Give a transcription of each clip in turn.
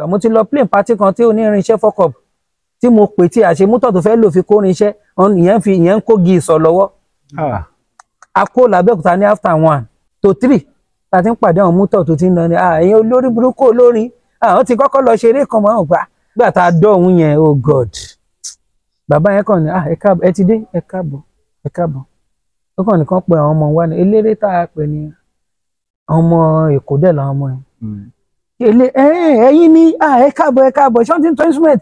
ìgbà mo ti lọ plane party kan tí onírin iṣẹ́ fọ́kọ̀p tí mo pè tí àṣemútọ̀ tó fẹ́ lò fi kórin iṣẹ́ ìyẹn fi ìyẹn ń kó gi ìsọ̀ lọ́wọ́ ah. a kó làbẹ́òkúta ní after one to three ta ti ń pàdé àwọn mútọ̀ tó ti ń lọ ní ah, ẹ̀yin olórí burúkú olórin àwọn ah, ti kọ́kọ́ lọ ṣeré kan mọ́ ọ̀gbà gbà tá a dọ̀ òun yẹn oh god bàbá yẹn kàn ní ẹ ti dé ẹ káàbọ̀ ẹ káàbọ̀ ó kàn nìkan pe àwọn ọmọ wa ní eléré tá a pè ní ọmọ èkó dẹ̀ làwọn ọmọ yẹn hmm èlé eh, eh, ẹ̀yin ní ah, ẹ káàbọ̀ ẹ káàbọ̀ something to instrument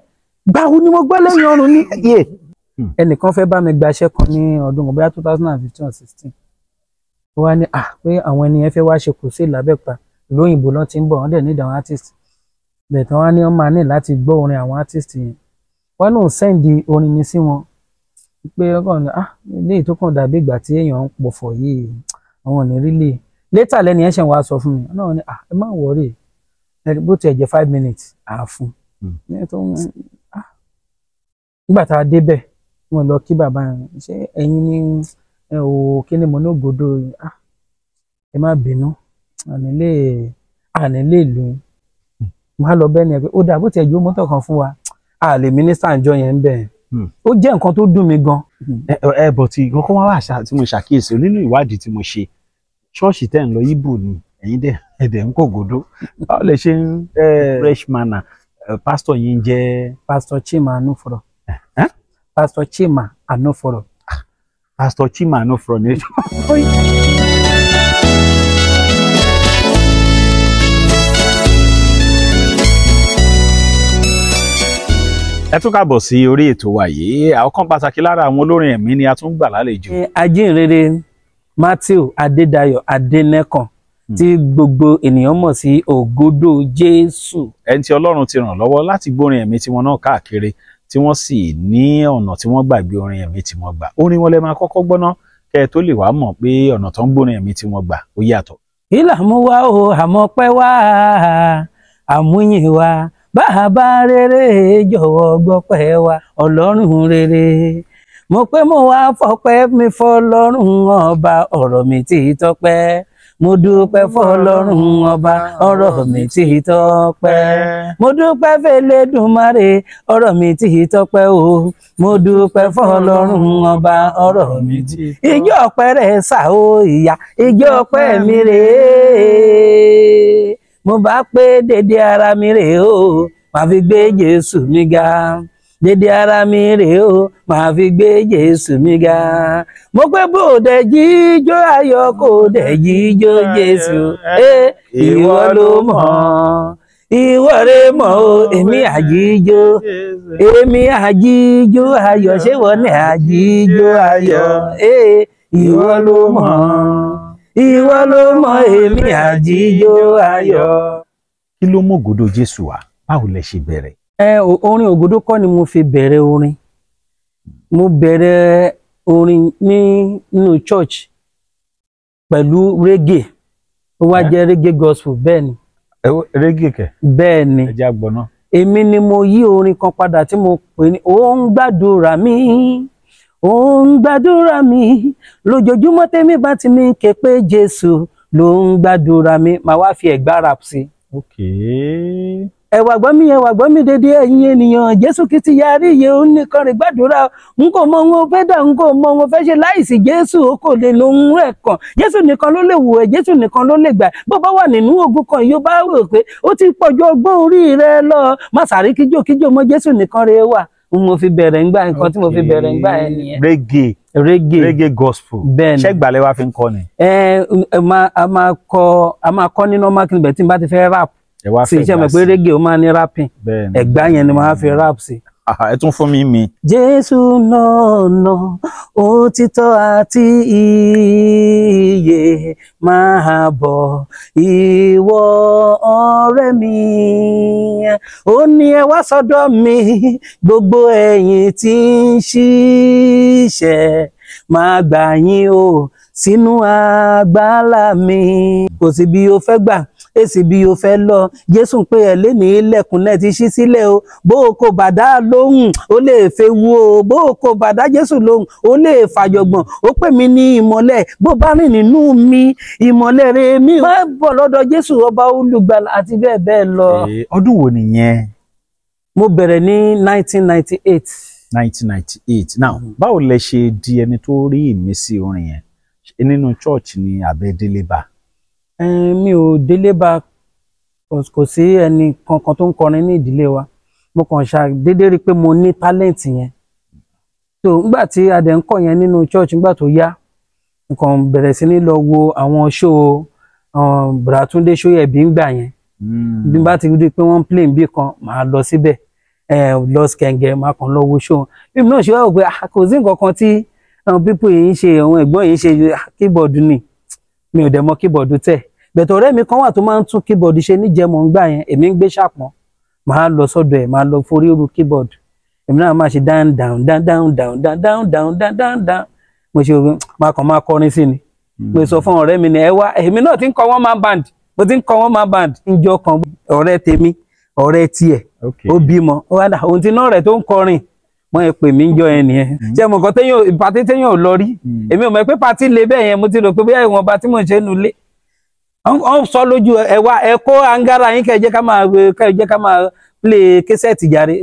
gbàwo ni mo gbọ́ lẹ́yìn ọrùn ní iye hmm. ẹnìkan fẹ́ bá mi gbaṣẹ́ kan ní ọdún kan two thousand and fifteen or sixteen ó wá ní à ah, pé àwọn ènìyàn fẹ́ wá ṣe kò sí ìlàbẹ́pà lóyìnbó lọ́n ti ń bọ̀ wọ́n dẹ̀ need àwọn artist bẹ̀tẹ̀ wọ́n á ní wọ́n máa ní láti gbọ́ orin àwọn artist yẹn wọ́n náà sẹ́ǹdì orin mi sí wọn pé ọkàn ah léyìí tó kàn dàbí ìgbà tí èèyàn ń pọ̀fọ̀ yìí àwọn ò ní rí lè létà lẹ́ni ẹ̀ ṣẹ̀ wá sọ fún mi náà ni ah ẹ má wọrí bó tiẹ̀ jẹ́ five minutes àáfún hmm. ah. nígbà tá a débẹ̀ wọn lọ kí bàbá ṣé ẹ̀yin ní ò kí ni mo ní ògbódò ah, ẹ má bínú ànílé ànílé ìlú hmm. wọn á lọ bẹ́ẹ̀ ni ẹ pé ó dà bó tiẹ̀ jẹ́ mọ́tò kan fún wa àlè mínísítà ìjọ yẹn ń bẹ̀ hmm. ó jẹ́ nǹkan tó dùn mí gan. ẹ bọ̀ tí nǹkan kan wá wà tí mo ṣàkíyèsí nínú ìwádìí tí mo ṣe ṣọ́ọ̀ṣì tẹ̀ ń lọ yíbò ni ẹ̀yin dẹ̀ ẹ̀dẹ̀ ń kò gòdó báwo lè ṣe ń fresh manner pastor yìí ń pastor Chima Anuforo. pastor Chima Anuforo. pastor Chima Anuforo ni. ẹ tún káàbọ̀ sí orí ètò wa yìí àwọn kan pàtàkì lára àwọn olórin ẹ̀mí ni a tún gbà lálejò. ajínrere Matthew Adédayọ̀ Adénẹ́kàn tí gbogbo ènìyàn mọ̀ sí ògodó Jésù. ẹni tí Ọlọ́run ti ràn lọ́wọ́ láti gbórin ẹ̀mí tiwọn náà káàkiri tí wọ́n sì ní ọ̀nà tí wọ́n gbàgbé orin ẹ̀mí tí wọ́n gbà orin wọn lè máa kọ́kọ́ gbọ́ná kẹ́ ẹ tó lè wàá mọ̀ pé ọ̀nà tó ń gbórin ẹ̀mí tí wọ́n gbà ó yàtọ̀. kí mú wá o àmọ́ pẹ́ wá àmúyìn wa bá bá rere jọ̀wọ́ gbọ́pẹ́ wa ọlọ́run rere mo pé mo wá fọpẹ́ mi fọlọ́run ọba ọ̀rọ̀ mi ti tọ́pẹ́ mo dúpẹ́ fọlọ́run ọba ọ̀rọ̀ mi tí ì tọ́pẹ́ mo dúpẹ́ fẹlẹ́dùnmáre ọ̀rọ̀ mi tí ì tọ́pẹ́ o mo dúpẹ́ fọlọ́run ọba ọ̀rọ̀ mi tí ijó ọpẹ́ rẹ̀ ṣá o ìyá ijó ọpẹ́ mi rèé mo bá pé dédé ara mi rèé o màá fi gbé Jésù mi ga dédé ara mi rèé o màá fi gbé jésù mi ga mo pé bó dẹ̀ jíjó ayọ̀ kò dẹ̀ jíjó jésù ìwọ ló mọ̀ ìwọ rẹ mọ̀ o èmi àjíjó èmi àjíjó ayọ̀ ṣé wọ́n ní àjíjó ayọ̀ ìwọ ló mọ̀ ìwọ ló mọ̀ èmi àjíjó ayọ̀. kí ló mú ògòdó jésù wá báwo lẹ ṣe bẹ̀rẹ̀ orin ogodo kọ ni mo fi bẹrẹ orin mo bẹrẹ orin ní nínú church pẹ̀lú reggae ó wá jẹ́ reggae gospel bẹ́ẹ̀ ni. reggae kẹ. bẹ́ẹ̀ ni ẹ náà. èmi ni mo yí orin kan padà tí mo pè ní ó ń gbàdúrà mí, ó ń gbàdúrà mí, lójoojúmọ́ tèmi bá ti ní ké pé Jésù ló ń gbàdúrà mí màá wá fi ẹ̀gbá rap sí. okay. ẹ̀wà gbọ́mí ẹ̀wà gbọ́mí dédé ẹ̀yin ènìyàn jésù kìtì yarí iye òun nìkan rìn gbàdúrà n kò mọ ohun fẹ́ dà n kò mọ ohun fẹ́ ṣe láìsí jésù ó kò lè lohun rẹ̀ kàn jésù nìkan ló lè wò ẹ́ jésù nìkan ló lè gbà bó bá wà nínú ogun kan yóò bá rò pé ó ti pọ̀jù ọgbọ́n orí rẹ lọ má sàrí kíjò kíjò mọ́ jésù nìkan rẹ wà mo fi bẹ̀rẹ̀ ńgbà nǹkan tí mo fi bẹ̀rẹ̀ ńgbà ẹ̀ nìyẹn. reggae reggae reggae gospel bẹ́ẹ̀ni ṣé ìgbàlẹ̀ wa fi ń kọ ni. ẹ ẹ máa kọ a máa kọ ní normal kingdom tí n bá ti fẹ́ rap sí iṣẹ́ mi pé rége ó máa ní rapping ẹ̀gbá yẹn ni màá fi rap sí. ẹ tún fún mi mi. jésù lọ́nà òtítọ́ àti ìyè máa bọ̀ ìwọ ọ̀rẹ́ mi ó ní ẹ wá sọ́dọ̀ mi gbogbo ẹ̀yin tí ń ṣiṣẹ́ máa gbà yín o sínú àgbàlá mi kò sí bí o fẹ́ gbà èsì bí o fẹ́ lọ jésù ń pè ẹ́ lẹ́ni ilẹ̀kùnlẹ̀ ti ṣí sílẹ̀ o bó o kò bàdá lóhùn ó lè fẹ́ wú o bó o kò bàdá jésù lóhùn ó lè fàjọgbọ̀n ó pè mí ní ìmọ́lẹ̀ bó bá rìn nínú mi ìmọ́lẹ̀ rẹ mi má bọ̀ lọ́dọ̀ jésù ọba olùgbàlà àti bẹ́ẹ̀ bẹ́ẹ̀ lọ. ọdún wo nìyẹn. mo bẹ̀rẹ̀ ní 1998. 1998 now báwo lẹ ṣe di ẹni tó rí ìmísí orin yẹn nínú church ni àbẹ délébà. mi ò délébà kò sí ẹni kankan tó ń kọrin ní ìdílé wa mo kàn ṣàdédé rí i pé mo ní talent yẹn so ngbà tí adẹ ń kọ yẹn nínú church ngbà tó yá nǹkan bẹ̀rẹ̀ sí ní lọ wo àwọn ṣó um, Bùràtúndé Ṣóyẹ̀bí ń gbà yẹn hmm. bí bá ti rí pé wọ́n ń play bí kan màá lọ síbẹ̀ lọ kẹ̀ǹgẹ̀ màá kàn lọ wo ṣó bí mi náà ṣe wá wò pé ah, kò sí nǹkan kan tí àwọn pípù yìí ń ṣe àwọn ẹ̀gbọ́n yìí ń ṣe kíbọ̀dù ni mi ò dẹ̀ mọ kíbọ̀dù tẹ̀ bẹ̀tẹ̀ ọ̀rẹ́ mi kan wà tó máa ń tún kíbọ̀dù ṣe níjẹmọ̀ ńgbà yẹn èmi ń gbé ṣàpọ̀n màá lọ sọ́dọ̀ ẹ̀ màá lọ forí ru kíbọ̀dù èmi náà máa ṣe down down down down down down down down down down down mo ṣe máa kàn máa kọrin sí ni mo sọ fún ọ̀rẹ́ mi ni ẹ wá èmi náà ti ń kọ wọ́n máa band mo ti ń kọ wọ́n máa band ńjọ́ kan ọ̀rẹ́ tèmi ọ̀rẹ́ tiẹ̀ ó bímọ ó wá dà òun ti náà rẹ̀ tó ń kọrin wọ́n yẹn pè mí ń jọ yẹn nìyẹn mm-hmm. ṣé mo kàn téèyàn pàtí téèyàn ò lọ rí mm-hmm. èmi ò mọ̀ pé pàtí lè bẹ́ẹ̀ yẹn mo ti rò pé bóyá ìwọ̀nba tí mò ń ṣe nu lé wọ́n sọ lójú ẹ wá ẹ kó angara yín kẹ́ jẹ́ ká máa kẹ́ jẹ́ ká máa play késẹ́ẹ̀tì jàre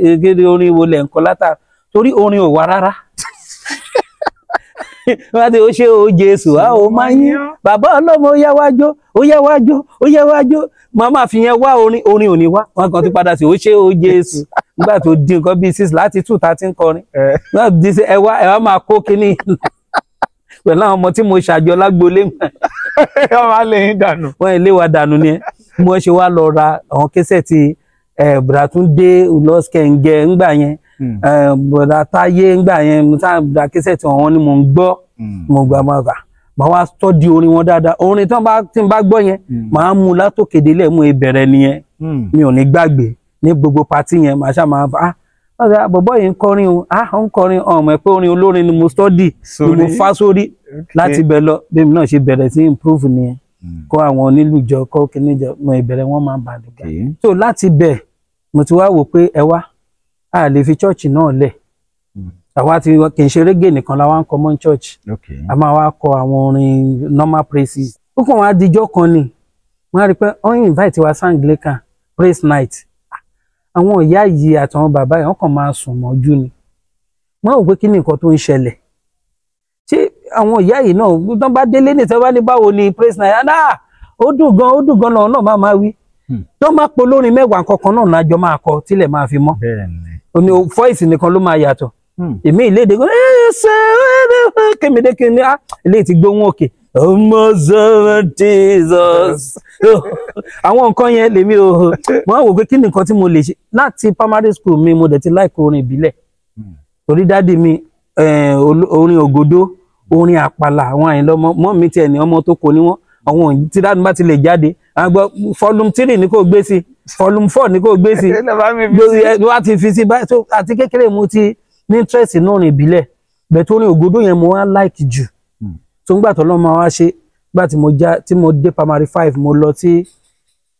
orin wo lẹ̀ ń kọ́ látà orin ò wá rárá láti ó ṣe o jésù a ò máa yín bàbá ọlọ́mọ ó yá wá jó ó yá wá jó ó yá wá jó màmá fi yẹn wá orin orin òní wá wọn kàn ti padà sí ó ṣe o jésù nígbà tó di nǹkan bíi six láti two thirty ń kọrin náà di sí ẹwà ẹwà máa kó kínní pẹ̀lú àwọn ọmọ tí mo ṣàjọ lágbolé mọ́ ẹ wọ́n lè yín dànù wọ́n ilé wa dànù ni ẹ mo ṣe wá lọ ra àwọn kẹsẹ̀ tí Bùràtúndé Ulọ́skẹ̀ǹgẹ̀ ńgbà yẹn Hmm. Eh, bọ̀dà táyé ńgbà yẹn mo sáà bọ̀dà kẹsẹ̀ tí wọ́n ní mo ń gbọ́ hmm. mo gbà máa gbà màá wá tọ́dí orin wọn dáadáa orin tí wọ́n bá gbọ́ yẹn hmm. màá mú látòkèdè lẹ́mú ìbẹ̀rẹ̀ nìyẹn mi ò ní gbàgbé ní gbogbo pati yẹn màá ṣáà máa bá a ah, ọ̀gá bọ̀bọ̀ yìí ń kọrin o ah ó ń kọrin ọmọ ẹ̀ pé orin olórin ni mo study ni mo fá sórí láti bẹ̀ lọ bẹ́ẹ̀ mi náà ṣe bẹ̀rẹ̀ sí improve nìyẹn kó àwọn onílùjọ kó kíníjọ mo ìbẹ̀rẹ̀ wọn máa bàdùn gan so láti bẹ̀ mo ti wá wò pé ẹ wá a lè fi chọ́ọ̀chì náà lẹ̀ hmm. àwa ti kì í ṣe régè nìkan la ń kọ mọ́ church a máa wá kọ àwọn orin normal praises ó kàn wá dijọ́ kan ni wọ́n á rí i pé wọ́n invite wa sanglican praise night ah, àwọn ìyá yìí àtàwọn bàbá yìí wọ́n kàn máa sùn mọ́jú ni wọ́n ò pé kí ni nǹkan tó ń ṣẹlẹ̀ ṣé àwọn ìyá yìí náà tó bá délé nìtẹ́ bá ní báwo ni praise night ah ó dùn gan ó dùn gan lọ́wọ́ náà máa máa wí Hmm. tó máa polórin mẹ́wàá kankan náà lájọ máa kọ tílẹ̀ máa fi mọ́ òní fọ́ìsì nìkan ló máa yàtọ̀ hmm. èmi ìlédè kémìdé kí ni ah! ilé ti gbóhùn òkè ọmọ zọrọ jesus àwọn nǹkan yẹn lèmi o wọn wò pé kí nìkan tí mo lè ṣe láti primary school mi mo dẹ̀ ti láìkó orin ìbílẹ̀ hmm. torí dáàdi mi eh, orin ògodó orin àpàlà àwọn àyìnlọ́mọ mọ́ mi tiẹ̀ ní ọmọ tó kọ ní wọn àwọn tí dáàdi bá ti lè jáde àgbọ̀ volume three ni kò gbé sí volume four ni kò gbé sí wá ti fi sí báyìí tó àti kékeré mo ti ní interest náà rìn ìbílẹ̀ bẹ́ẹ̀ ní ògodó yẹn mo wá like jù tó ń gbà tó lọ́mọ wá ṣe gbà tí mo já tí mo dé primary five mo lọ sí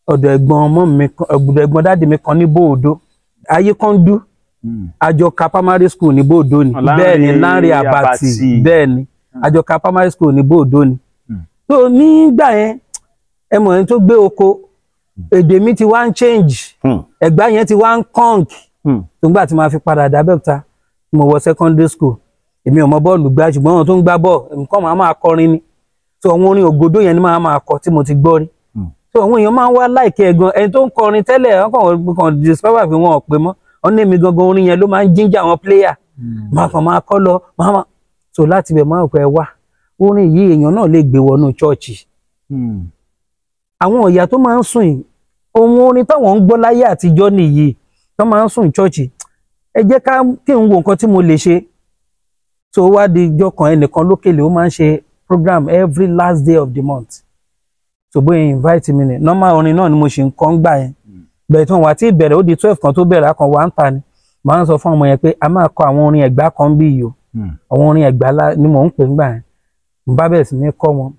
ọ̀dọ̀ ẹ̀gbọ́n ọmọ mi ọ̀dọ̀ ẹ̀gbọ́n dáàdì mi kan ní bòòdó ayé kan dú hmm. àjọka primary school ní bòòdó ni bẹ́ẹ̀ ni láàrin àbàtì bẹ́ẹ̀ ni hmm. àjọka primary school ní bòòdó ni. tó hmm. nígbà yẹn ẹ mọ̀ ẹni tó gbé oko èdè mi ti wá ń change hmm. ẹ̀gbá yẹn ti wá ń kọ́ǹk hmm. tó ń gbà tí màá fi padà dábẹ́òkúta mo wọ secondary school èmi ò mọ bọ́ọ̀lù gbá ṣùgbọ́n àwọn tó ń gbá bọ́ọ̀ nǹkan màá máa kọrin ni tó àwọn orin ògodó yẹn ni màá máa kọ tí mo ti gbọ́ rí tó hmm. àwọn èèyàn máa ń wá láìkí ẹ̀ gan ẹni tó ń kọrin tẹ́lẹ̀ wọ́n kàn kàn discover pé wọn pè mọ́ ọ́n ní èmi gangan orin yẹn ló máa ń jíjà àwọn player máa kàn máa kọ́ lọ máa máa tó láti bẹ̀ máa pẹ́ wá orin yìí èèyàn náà lè gbé wọnú chọ́ọ̀chì àwọn ọ̀yà tó máa ń sùn yìí ohun orin táwọn ń gbọ́ láyé àtijọ́ nìyí tó máa ń sùn chọ́ọ̀chì ẹ jẹ́ ká kí n wo nǹkan tí mo lè ṣe tó wá di ijọ́ kan ẹnìkan lókèlè ó máa ń ṣe program every last day of the month tó bóyá invite mi ni normal orin náà ni mo ṣe nǹkan gbà yẹn bẹ̀rẹ̀ tí wọ́n wá tí ìbẹ̀rẹ̀ ó di twelve kan tó bẹ̀rẹ̀ akàn wá ń ta ni màá ń sọ fún ọmọ yẹn pé a máa kọ àwọn orin ẹ̀gbá kan bí yìí o hmm. àwọn orin ẹ̀gbá ni mò ń pè ń gbà yẹn n bá bẹ̀rẹ̀ sí ní kọ́ wọn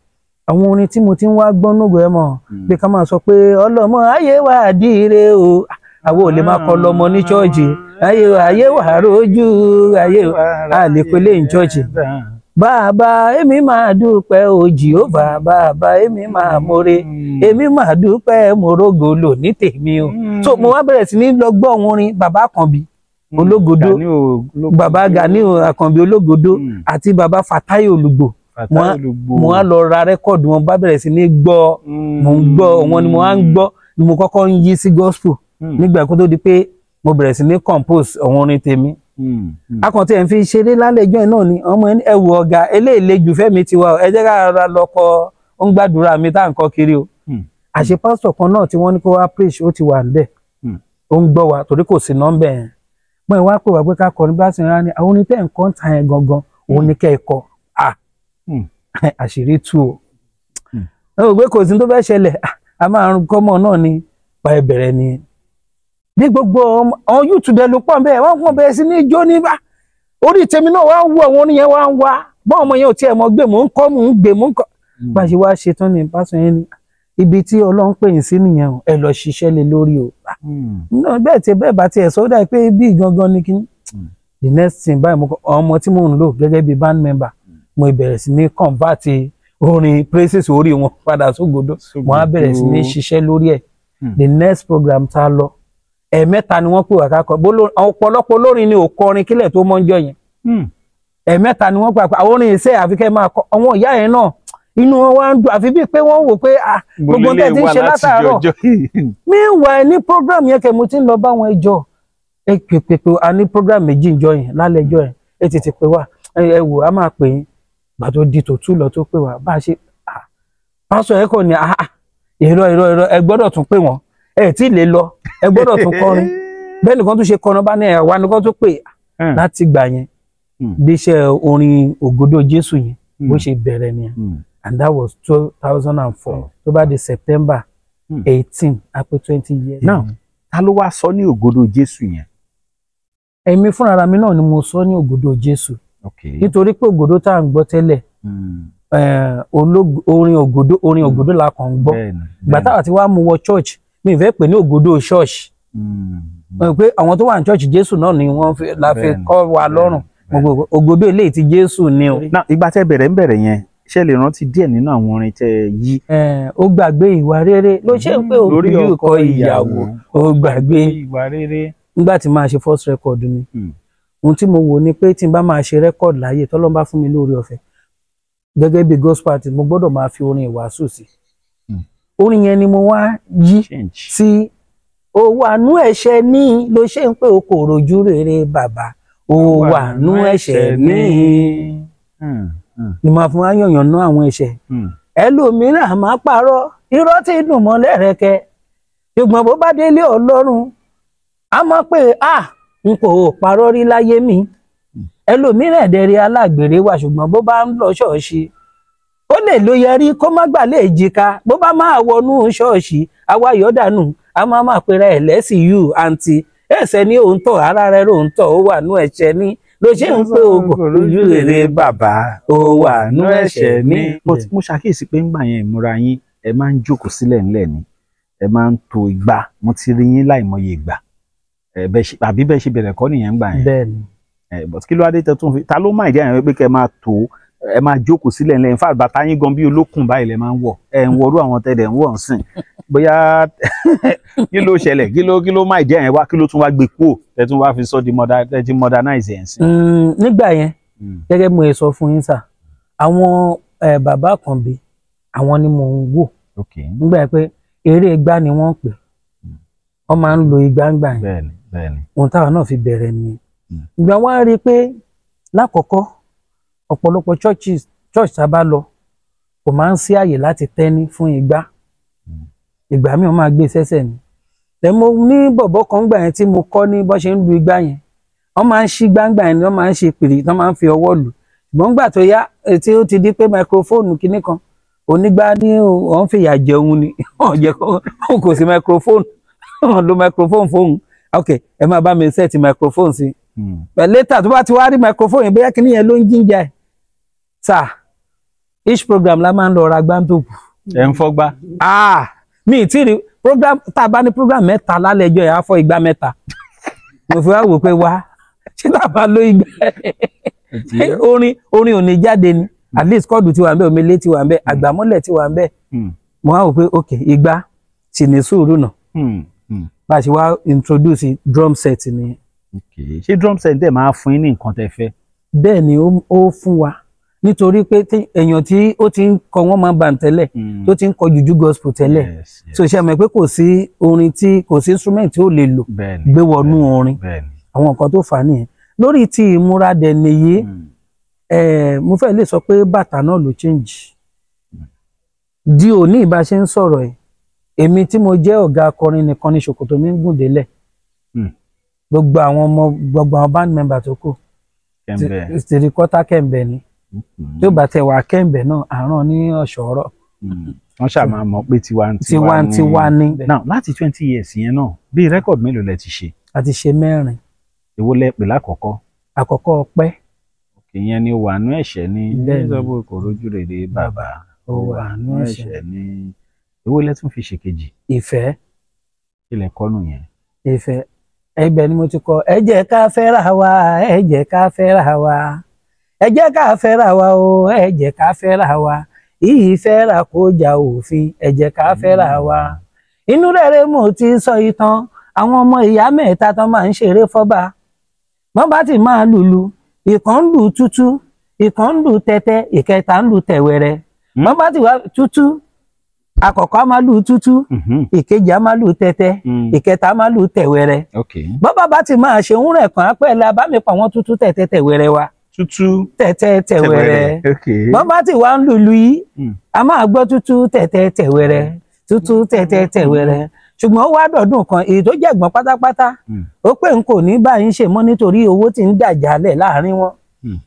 àwọn orin tí mo ti ń wá gbọ́n nùgbọ́ ẹ mọ̀ pé hmm. ká máa sọ pé ọlọ́mọ ayé wà díire o àwọn ò lè máa kọ lọmọ ní chọ́ọ̀jì ayé ayé wà rójú ayé àlékólé ní chọ́ọ̀jì bàbá èmi máa dúpẹ́ o jìhóbà bàbá èmi máa more hmm. èmi máa dúpẹ́ morogo lò ní tèmi o hmm. so mo wá bẹ̀rẹ̀ sí ní lọ gbọ́ àwọn orin bàbá Àkànbí ológodo bàbá Gani Àkànbí ológodo àti bàbá Fatai Olùgbò mo á lọ ra rẹ́kọ̀dù wọn bá bẹ̀rẹ̀ sí ní gbọ́ hmm. mo ń gbọ́ wọn ni mo á ń gbọ́ ni mo kọ́kọ́ ń yí sí gospel hmm. nígbà kó tó di pé mo bẹ̀rẹ̀ sí ní compose àwọn orin tèmi hmm. akọ̀tí ẹ̀ ń fi ṣeré lálẹ́jọ́ náà ni ọmọ ẹ̀wù ọ̀gá eléèlejù fẹ́mi tiwa ẹ jẹ́ ká lọ́kọ ó ń gbàdúrà mi tá à ń kọ́ kiri o àṣẹ pásítọ̀ kan náà tí wọ́n ní kó wá preach ó ti wà ń bẹ̀ ó ń gbọ́ wa torí kò sí nọ́mbẹ̀ yẹn pọ́n ìwá pè wá pé ká kọrin bá sì rán ni àwọn onítẹ̀ nǹkan ta yẹn gangan òun ni kẹ́ ẹ kọ́ Hmm. àṣírí tú o hmm. ò gbé kò sí tó fẹ́ ṣẹlẹ̀ a máa ń kọ́mọ náà ni pa ẹ̀bẹ̀rẹ̀ ni ní gbogbo àwọn yúùtù dẹ ló pọ̀ bẹ́ẹ̀ wọ́n kàn bẹ̀rẹ̀ sí ní jó ní bá orí tèmi náà wá ń wo àwọn oníyẹn wá ń wá bọ́n ọmọ yẹn ò tiẹ̀ mọ gbé mò ń kọ́ mò ń gbé mò ń kọ́ hmm. bá a ṣe wá ṣe tán ni pásán yẹn ni ibi tí ọlọ́run pè yín sí nìyẹn ẹ lọ ṣiṣẹ́ lé lórí o bẹ́ẹ̀ tí bẹ́ẹ̀ bá tiẹ̀ sọ ó dà pé bí gangan ni kí the next thing báyìí ọmọ tí mò ń lò gẹ́gẹ́ bí band member mo bẹ̀rẹ̀ sí ní convert orin praises orí wọn padà sógodó mo á bẹ̀rẹ̀ sí ní ṣiṣẹ́ lórí ẹ̀ hmm. the next program tá a lọ ẹ̀ẹ̀mẹ́ta ni wọ́n pè wá ká kọ ọ̀pọ̀lọpọ̀ olórin ni ò kọrin kílẹ̀ tó mọ́ ń jọ yẹn ẹ̀ẹ̀mẹ́ta hmm. ni wọ́n pè wá àwọn orin iṣẹ́ àfikẹ́ máa kọ àwọn ìyá yẹn náà inú wọn wá ń dùn àfi bíi pé wọn wò pé ah gbogbo tẹ ti ń ṣe látàárọ̀ meanwhile ní program yẹn kẹ mo ti ń lọ bá wọn ẹjọ ẹ pèpèpè a ní program méjì ìjọ yẹn lálẹ́ ẹjọ yẹn ẹ tètè pè wá ẹ wò á máa pè yín gbà tó di tòtú lọ tó pè wá bá a ṣe pásọ ẹ kò ní ìrọ ìrọ ìrọ ẹ gbọ́dọ̀ tún pè wọ́n ẹ tí ì lè lọ ẹ gbọ́dọ̀ tún kọrin bẹ́ẹ̀ nìkan tó ṣe kọrin bá ní ẹ wá nìkan tó pè hmm. láti gbà yẹn hmm. déṣẹ orin ògodó Jésù yẹn bó hmm. ṣe bẹ̀rẹ̀ nìyẹn and that was two thousand and four tó bá di September eighteen àpé twenty years. now ta ló wá sọ ní ògodó Jésù yẹn. èmi fúnra mi náà ni mo sọ ní ògodó Jésù. nítorí pé ògòdó taa à ń gbọ́ tẹ́lẹ̀ hmm. orin ògòdó orin hmm. ògòdó la kàn ń gbọ́ ìgbà táwa ti wá mú wọ church mi ìfẹ́ pè ní ògòdó church hmm. pé àwọn tó wà ní church Jésù náà ni wọ́n la fi kọ́ wa lọ́rùn ògòdó eléyìí ti Jésù ni o. ìgbà tẹ́ bẹrẹ ń yẹn ṣe lè rántí nínú àwọn orin yí. ó gbàgbé ohun tí mo wò ni pé tí n bá máa ṣe rẹ́kọ̀d láyè tọ́lọ́n bá mi lórí ọ̀fẹ́ gẹ́gẹ́ bí gospel artist mo gbọ́dọ̀ máa fi orin ìwàásù sí hmm. orin yẹn ni mo wá yí sí owó àánú ẹ̀ṣẹ̀ ní ló ṣe ń pé o rojú rere bàbá owó àánú ẹ̀ṣẹ̀ ní hmm, hmm. ni màá fún wa ná àwọn ẹ̀ṣẹ̀ ẹlòmíràn máa parọ́ irọ́ dùn mọ́ lẹ́rẹ̀kẹ́ ṣùgbọ́n bó bá délé ọlọ́run a n kò parọ́ rí láyé mi ẹlòmíràn ẹ̀dẹ̀rẹ̀ alágbèrè wa ṣùgbọ́n bó bá ń lọ ṣọ́ọ̀ṣì ó lè lo yẹrí kó má gbà lè jìka bó bá máa wọnú ṣọ́ọ̀ṣì àwa yọ̀dànù a máa máa pera ẹ̀ lẹ́sìn yù àǹtí ẹ̀ṣẹ̀ ní òǹtọ̀ ara rẹ̀ òǹtọ̀ ó wà nú ẹ̀ṣẹ̀ ní ló ṣe ń pé ogun lójú rere bàbá ó wà nú ẹ̀ṣẹ̀ ní. mo ṣàkíyèsí pé ńgbà yẹn ìmúra yín ẹ máa ń jókòó sílẹ̀ ńlẹ̀ ni ẹ máa ń to ìgbà mo ti rí yín láìmọye ìgbà Eh, àbí bẹ́ẹ̀ ṣe bẹ̀rẹ̀ kọ́ nìyẹn ń gbà yẹn. bẹ́ẹ̀ni. Eh, but kí ló wá dé tẹ tún fi ta ló máa jẹ́ àyàn pé kẹ́ ẹ máa tó ẹ máa jókòó sílẹ̀ ńlẹ̀ in fact bàtà yín gan bí olókùn báyìí lẹ máa ń wọ̀ ẹ ń wọrú àwọn tẹ̀lé ń wọ̀ ń sìn bóyá kí ló ṣẹlẹ̀ kí ló kí ló máa jẹ́ àyàn wá kí ló tún wá gbé kúò tẹ tún wá fi sọ di modernize ẹ̀ ń sìn. Hmm, nígbà yẹn hmm. gẹ́gẹ́ mo sọ fún yín sà àwọn eh, bàbá àkànbí àwọn ni mò ń wò nígbà pé eré igbá ni wọ́n pè hmm. wọ́n máa ń lo igbá ńgbà yẹn ohun táwa náà fi bẹ̀rẹ̀ nìyẹn hmm. ìgbà wọn á rí i pé lákọ̀ọ́kọ́ ọ̀pọ̀lọpọ̀ churches church tá a bá lọ kò máa ń sí àyè láti tẹ́ni fún igbá hmm. ìgbà míì wọ́n máa gbé sẹ́sẹ̀ ni tẹ mo ní bọ̀bọ̀ kan gbà yẹn tí mo kọ́ ní bó ṣe ń lu igbá yẹn wọ́n máa ń ṣí gbangba yẹn ni wọ́n máa ń ṣe pèrè wọ́n máa ń fi ọwọ́ lù ṣùgbọ́n gbà tó yá eh, tí ó ti di pé microphone kinní kan onígbá ní òun fìyà jẹun ni òun kò sí microphone òun lo microphone fóun ok ẹ máa bá mi set microphone sí hmm. but later tó bá ti wá rí microphone yẹn bóyá kíní yẹn ló ń jíjà ẹ̀ sà each program la máa ń lọ ra gbáǹtòpù. ẹ ń fọgbá. ah mi ti rí program tá a bá ní program mẹ́ta lálẹ́ ẹjọ́ yẹn á fọ igba mẹ́ta mo fi wá wò pé wá ṣé tá a bá ló igba orin orin ò ní jáde ni at least kọ́ọ̀dù ti wà ń bẹ omele ti wà ń bẹ hmm. àgbàmọ́lẹ̀ ti wà ń bẹ hmm. mo wá wò pé ok igba sì ní sùúrù náà. Hmm. bá a ṣe wá introduce drum set nìyẹn ṣé drum set dẹ̀ máa fún yín ní nǹkan tẹ́ fẹ́ bẹ́ẹ̀ ni ó fún wa nítorí pé èèyàn tí ó ti ń kọ wọ́n máa ń bàn hmm. tó ti ń kọ jùjú gospel tẹ́lẹ̀ so ṣe mọ̀ pé kò sí orin tí kò sí instrument tí ó lè lò gbé wọnú orin àwọn nǹkan tó fà á nìyẹn lórí ti ìmúra dẹ̀ nìyí hmm. mo fẹ́ lè sọ pé bàtà náà ló change di òní ìbá ṣe ń sọ̀rọ̀ ẹ̀ èmi tí mo jẹ́ ọ̀gá akọrin nìkan ni ṣòkòtò mi ń gùn délẹ̀ hmm. gbogbo àwọn ọmọ gbogbo àwọn band member tó kù tìrì kọ́tà kẹ̀m̀bẹ̀ ni hmm. tí ó bá tẹ̀ wá kẹ̀m̀bẹ̀ náà àárọ̀ ní ọ̀ṣọ́rọ̀. Hmm. wọ́n ṣáà mọ̀ pé tiwantiwa ni. now láti twenty years yẹn náà bí rẹ́kọ̀dì mélòó lẹ ti ṣe. a ti ṣe mẹ́rin. èwo lẹ pè lákọ̀ọ́kọ́. àkọ́kọ́ ọpẹ́. ìyẹn ni wàánú ẹ̀ṣẹ̀ ní. bẹ́ẹ̀ ni ìjọba kò rójú rere bàbá. ó wàánú ẹ̀ṣẹ̀ ní ewé lẹ́tún fi ṣèkejì. ìfẹ́. ilẹ̀ kọ́nù yẹn. ìfẹ́ ẹ̀bẹ̀ ni mo ti kọ ẹ jẹ́ ká fẹ́ra wa ẹ jẹ́ ká fẹ́ra wa ẹ jẹ́ ká fẹ́ra wa o ẹ jẹ́ ká fẹ́ra wa ìyí fẹ́ra kó ja òfin ẹ jẹ́ ká fẹ́ra wa inú rere mo ti sọ ìtàn àwọn ọmọ ìyá mẹ́ta tán máa ń ṣeré fọ́ba wọ́n bá ti máa lùlù ìkan ń lù tútú ìkan ń lù tẹ́tẹ́ ìkẹta ń lù tẹ̀wẹ̀rẹ̀ wọ́n hmm. bá ti wá tútú àkọ́kọ́ amálù tútú mhm. ìkejì amálù tẹ́tẹ́ mm. ìkẹta amálù tẹ̀wẹ́rẹ́ bọ́bá bá ti máa ṣe ń rẹ̀ kàn án pẹ̀lú abámipọ̀ wọn tútú tẹ́tẹ́ tẹ̀wẹ́rẹ́ wa tútú tẹ́tẹ́ tẹ̀wẹ́rẹ́ bọ́bá ti wá ń lulu yìí mm. a máa gbọ́ tútú tẹ́tẹ́ tẹ̀wẹ́rẹ́ mm. tútú tẹ́tẹ́ tẹ̀wẹ́rẹ́ ṣùgbọ́n ó wá dọ̀dún kan èyí tó jẹ̀gbọ́n pátápátá ó pé n kò ní báyìí ṣe mọ́ nítorí owó ti ń dàjálẹ̀ láàrin wọn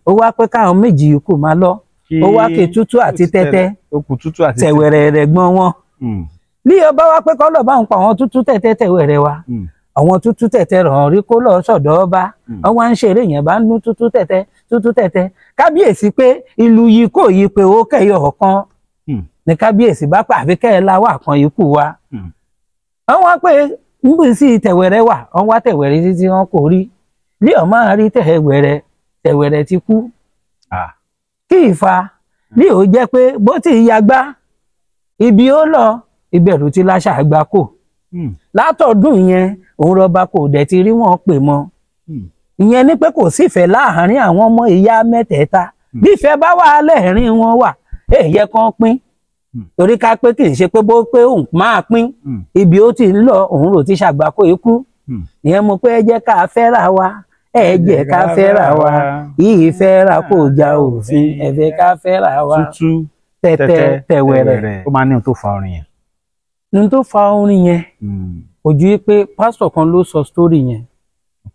ó wá pé káwọn méjì yìí kò máa lọ ó wá ké tútú àti tẹ́tẹ́ tẹ̀wẹ̀rẹ̀ rẹ̀ gbọ́n wọn ní ọba wa pé kọ́lọ̀ bá ń pa àwọn tútú tẹ́tẹ́ tẹ̀wẹ̀rẹ̀ wa hmm. àwọn tútú tẹ̀tẹ̀ ràn rí kó lọ sọ̀dọ̀ ọba hmm. wọn wá ń ṣeré yẹn bá ń nú tútú tẹ̀tẹ̀ tútú tẹ̀tẹ̀ kábíyèsí pé ìlú yìí kò yí pé ó kẹyọ ọ̀kan hmm. ní kábíyèsí bá pà àfi kẹ́ẹ̀ wà kan ikú wa wọn wá pé nbùsí tẹ̀wẹ̀rẹ̀ wà wọn wá tẹ̀wẹ̀rẹ̀ títí wọn kò rí lé ọ̀ máa rí tẹ̀wẹ̀rẹ̀ ti kú. Ah kí ìfà ní ò jẹ́ pé bó ti yagbá ibi ó lọ ìbẹ̀rù ti láṣà àgbà kò hmm. látọ̀dún yẹn òun rọba kò dẹ̀ ti rí wọn pè mọ́ hmm. ìyẹn ni pé kò sífẹ̀ẹ́ láàárín àwọn ọmọ ìyá mẹ́tẹ̀ẹ̀ta hmm. bífẹ́ bá wà lẹ́ẹ̀rín wọn wà èyẹ kan pín torí ká pé kì í ṣe pé bó pé òun máa pín ibi ó ti ń lọ òun rò ti ṣàgbákò ikú ìyẹn mo pé ẹ jẹ́ ká fẹ́ra wa ẹ jẹ́ ká fẹ́ra wa ìfẹ́ra kò já òfin ẹ fẹ́ ká fẹ́ra wa tútú tẹ́tẹ́ tẹ̀wẹ̀rẹ̀. ó máa ní ohun tó fa orin yẹn. ohun tó fa orin yẹn hmm. kò ju pé pásítọ̀ kan ló sọ sítórì yẹn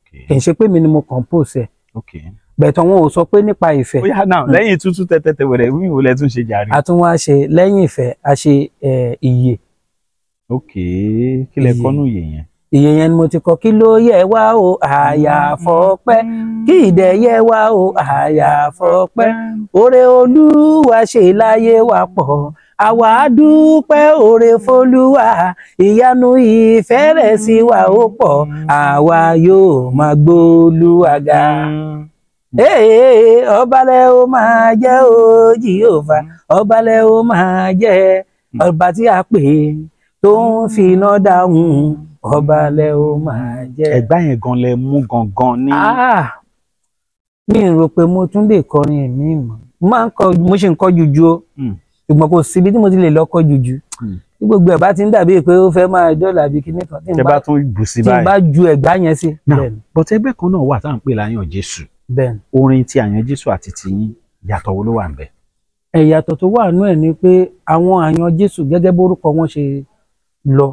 kì í ṣe pé mi ni mo compose ẹ̀ bẹ̀tọ̀ wọn ò sọ pé nípa ìfẹ́. ó yà náà hmm. lẹ́yìn tútú tẹ́tẹ́ tẹ̀wẹ̀rẹ̀ wíwì wo tún ṣe jàre. a tún wá ṣe lẹ́yìn ìfẹ́ a ṣe iye. Eh, ok kí lẹ kọ́nú yẹn ìyẹn yẹn ni mo ti kọ kí ló yẹ wá o àyàfọpẹ́ kí ìdẹ yẹ wá o àyàfọpẹ́ oore olúwa ṣe láyé wa pọ̀ àwa dúpẹ́ oore f'Olúwa ìyanu ìfẹ́ rẹ̀ sí wa ó pọ̀ àwa yóò máa gbóluwa ga. Mm. Ee ọbalẹ̀ ó máa jẹ́ o Jèhófà ọbalẹ̀ ó máa jẹ́ mm. ọba tí a pè tó ń finá dáhùn ọba lẹ ó máa jẹ. ẹ̀gbá yẹn gan lẹ mú gangan ní. Ah! mi n rò pé mo tún lè kọrin mi mọ́ máa ń kọ mo ṣe ń kọ jùjú o hmm. ṣùgbọ́n kò síbi tí mo ti lè lọ kọ jùjú hmm. bí gbogbo ẹ̀ bá ti ń dàbí pé ó fẹ́ máa dọ́là bí kíní kan tí n bá tún bù sí báyìí tí n bá ju ẹ̀gbá yẹn sí. bọ̀tẹ́ ẹgbẹ́ kan náà wà tá à ń pè láyàn Jésù orin ti àyàn Jésù àti tìyín ìyàtọ̀ wo ló wà ń ẹ̀yàtọ̀ tó wà nú ẹ̀ ni pé àwọn àyàn Jésù gẹ́gẹ́ bórúkọ wọn ṣe lọ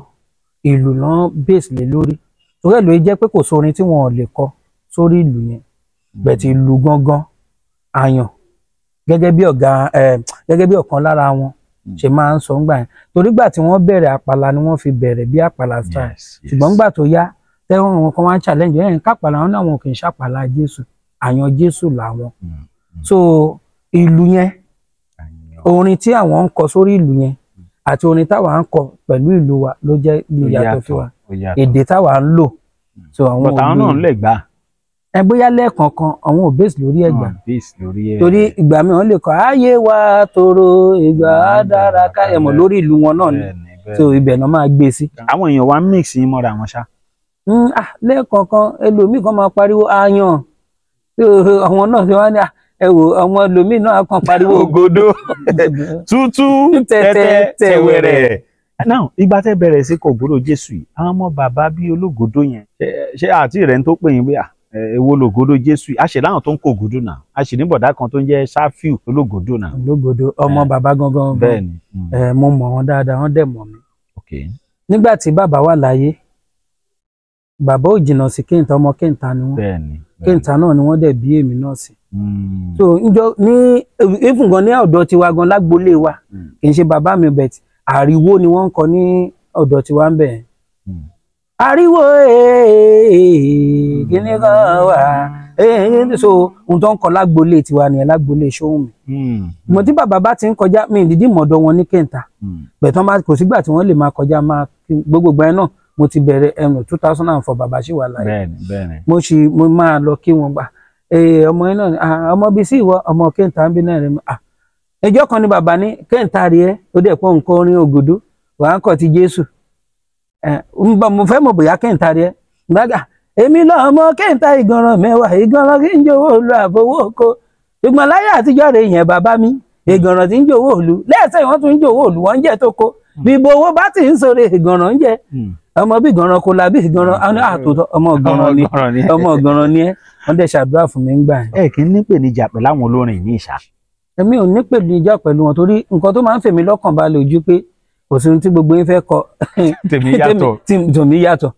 ìlù lọ́n base lé lórí torí ẹ̀ ló jẹ́ pé kò sórin tí wọ́n lè kọ sórí ìlù yẹn bẹ̀tì ìlù gangan àyàn gẹ́gẹ́ bí ọ̀gá gẹ́gẹ́ bí ọ̀kan lára wọn hmm. ṣe máa ń sọ ńgbà yẹn torí gbà tí wọ́n bẹ̀rẹ̀ àpàlà ni wọ́n fi bẹ̀rẹ̀ bí àpàlà style ṣùgbọ́n gbà tó yá tẹ́wọ̀n wọn kan wá ń challenge ẹ̀yìn kápàlà wọn náà wọn kì í ṣàpàlà jésù àyàn jésù làwọn hmm, hmm. so ìlù yẹn orin tí àwọn ń kọ sórí ìlù yẹn àti orin táwa ń kọ pẹ̀lú ìlú wa ló jẹ́ bí ìyàtọ̀ fún wa èdè táwa ń lò. bọ̀tà àwọn náà ń lè gbà. ẹ bóyá lẹ́ẹ̀kọ̀ọ̀kan àwọn ò base lórí ẹ̀gbà torí ìgbà mi wọn lè kọ ayé wa toro ìgbà á dára ká ẹ̀mọ̀ lórí ìlú wọn náà ni so ibẹ̀ náà máa gbé e sí. àwọn èèyàn wa ń mix yín mọ́ra àwọn ṣá. Hmm, ah, lẹ́ẹ̀kọ̀ọ̀kan ẹlòmíì kan máa pariwo ayan àwọn náà ṣe wá ní à ah, ẹ wò ọmọ lomi náà kàn pariwo ògòdó tútú tẹtẹ tẹwẹrẹ now ìgbà tẹ bẹ̀rẹ̀ sí kò gbúrò jésù yìí àwọn ọmọ bàbá bíi ológòdó yẹn ṣé àti rẹ ń tó pè yín bí à èwo lògòdó jésù yìí àṣẹ láwọn tó ń kó ògòdó náà àṣẹ ní bọ̀dá kan tó ń jẹ́ ṣáfíù ológòdó náà. ológòdó ọmọ eh, bàbá gangan bẹ́ẹ̀ni eh, mo mọ̀ wọn dáadáa wọ́n dẹ̀ mọ̀ mi. nígbà tí bàbá wà láyé bàbá ò jìnnà sí kéńtà ọmọ kéńtà ni wọ́n kéńtà náà ni wọ́n dẹ̀ bí èmi náà sí Hmm. so njọ ní even gan ní ọ̀dọ̀ tiwa gan lágbolé wa hmm. kì í Baba bàbá mi bẹ̀t ariwo ni wọ́n ń kọ ní ọ̀dọ̀ tiwa ń bẹ̀. ariwo kíní kan wà so ohun tó ń kọ lágbolé tiwa nìyẹn lágbolé Ṣóhùnmí. Hmm. mo tí bàbá bá ti ń kọjá mi ìdídí mọ̀dọ̀ wọn ní kẹta bẹ̀tán kò sígbà tí wọ́n lè máa kọjá máa gbogbo gbà náà mo ti bẹ̀rẹ̀ ẹnu two thousand and four bàbá ṣì mo ṣì mo máa lọ kí wọn ee eh, ọmọ yín náà ni ah, ọmọ bíi sí ìwọ ọmọ kéńtà ń bí náà rẹ ah, ẹjọ́ kan ni bàbá ní kéńtà rí ẹ ó dẹ̀ pọ̀ nǹkan orin ògùdú wàá kọ̀ ti jésù eh, mo fẹ́ mọ̀ bóyá kéńtà rí ẹ èmi ọmọ kéńtà mẹ́wàá kí n yẹn bàbá mi ti ń lẹ́ẹ̀sẹ̀ wọ́n tún ń ko hmm. bíbo owó bá ti ń ọmọ bí ganran kò la bí ganran àwọn àtòtọ ah, hmm. ọmọ ganran ni ọmọ ganran ni ẹ wọn dẹ ṣàdúrà fún mi ń gbà yẹn. ẹ kì í nípè níjà pẹ̀lú àwọn olórin ní ìṣá. èmi ò nípè níjà pẹ̀lú wọn torí nǹkan tó máa ń fèmí lọ́kàn balẹ̀ ojú pé kò sí ohun tí gbogbo yín fẹ́ kọ tèmi yàtọ̀ tèmi yàtọ̀.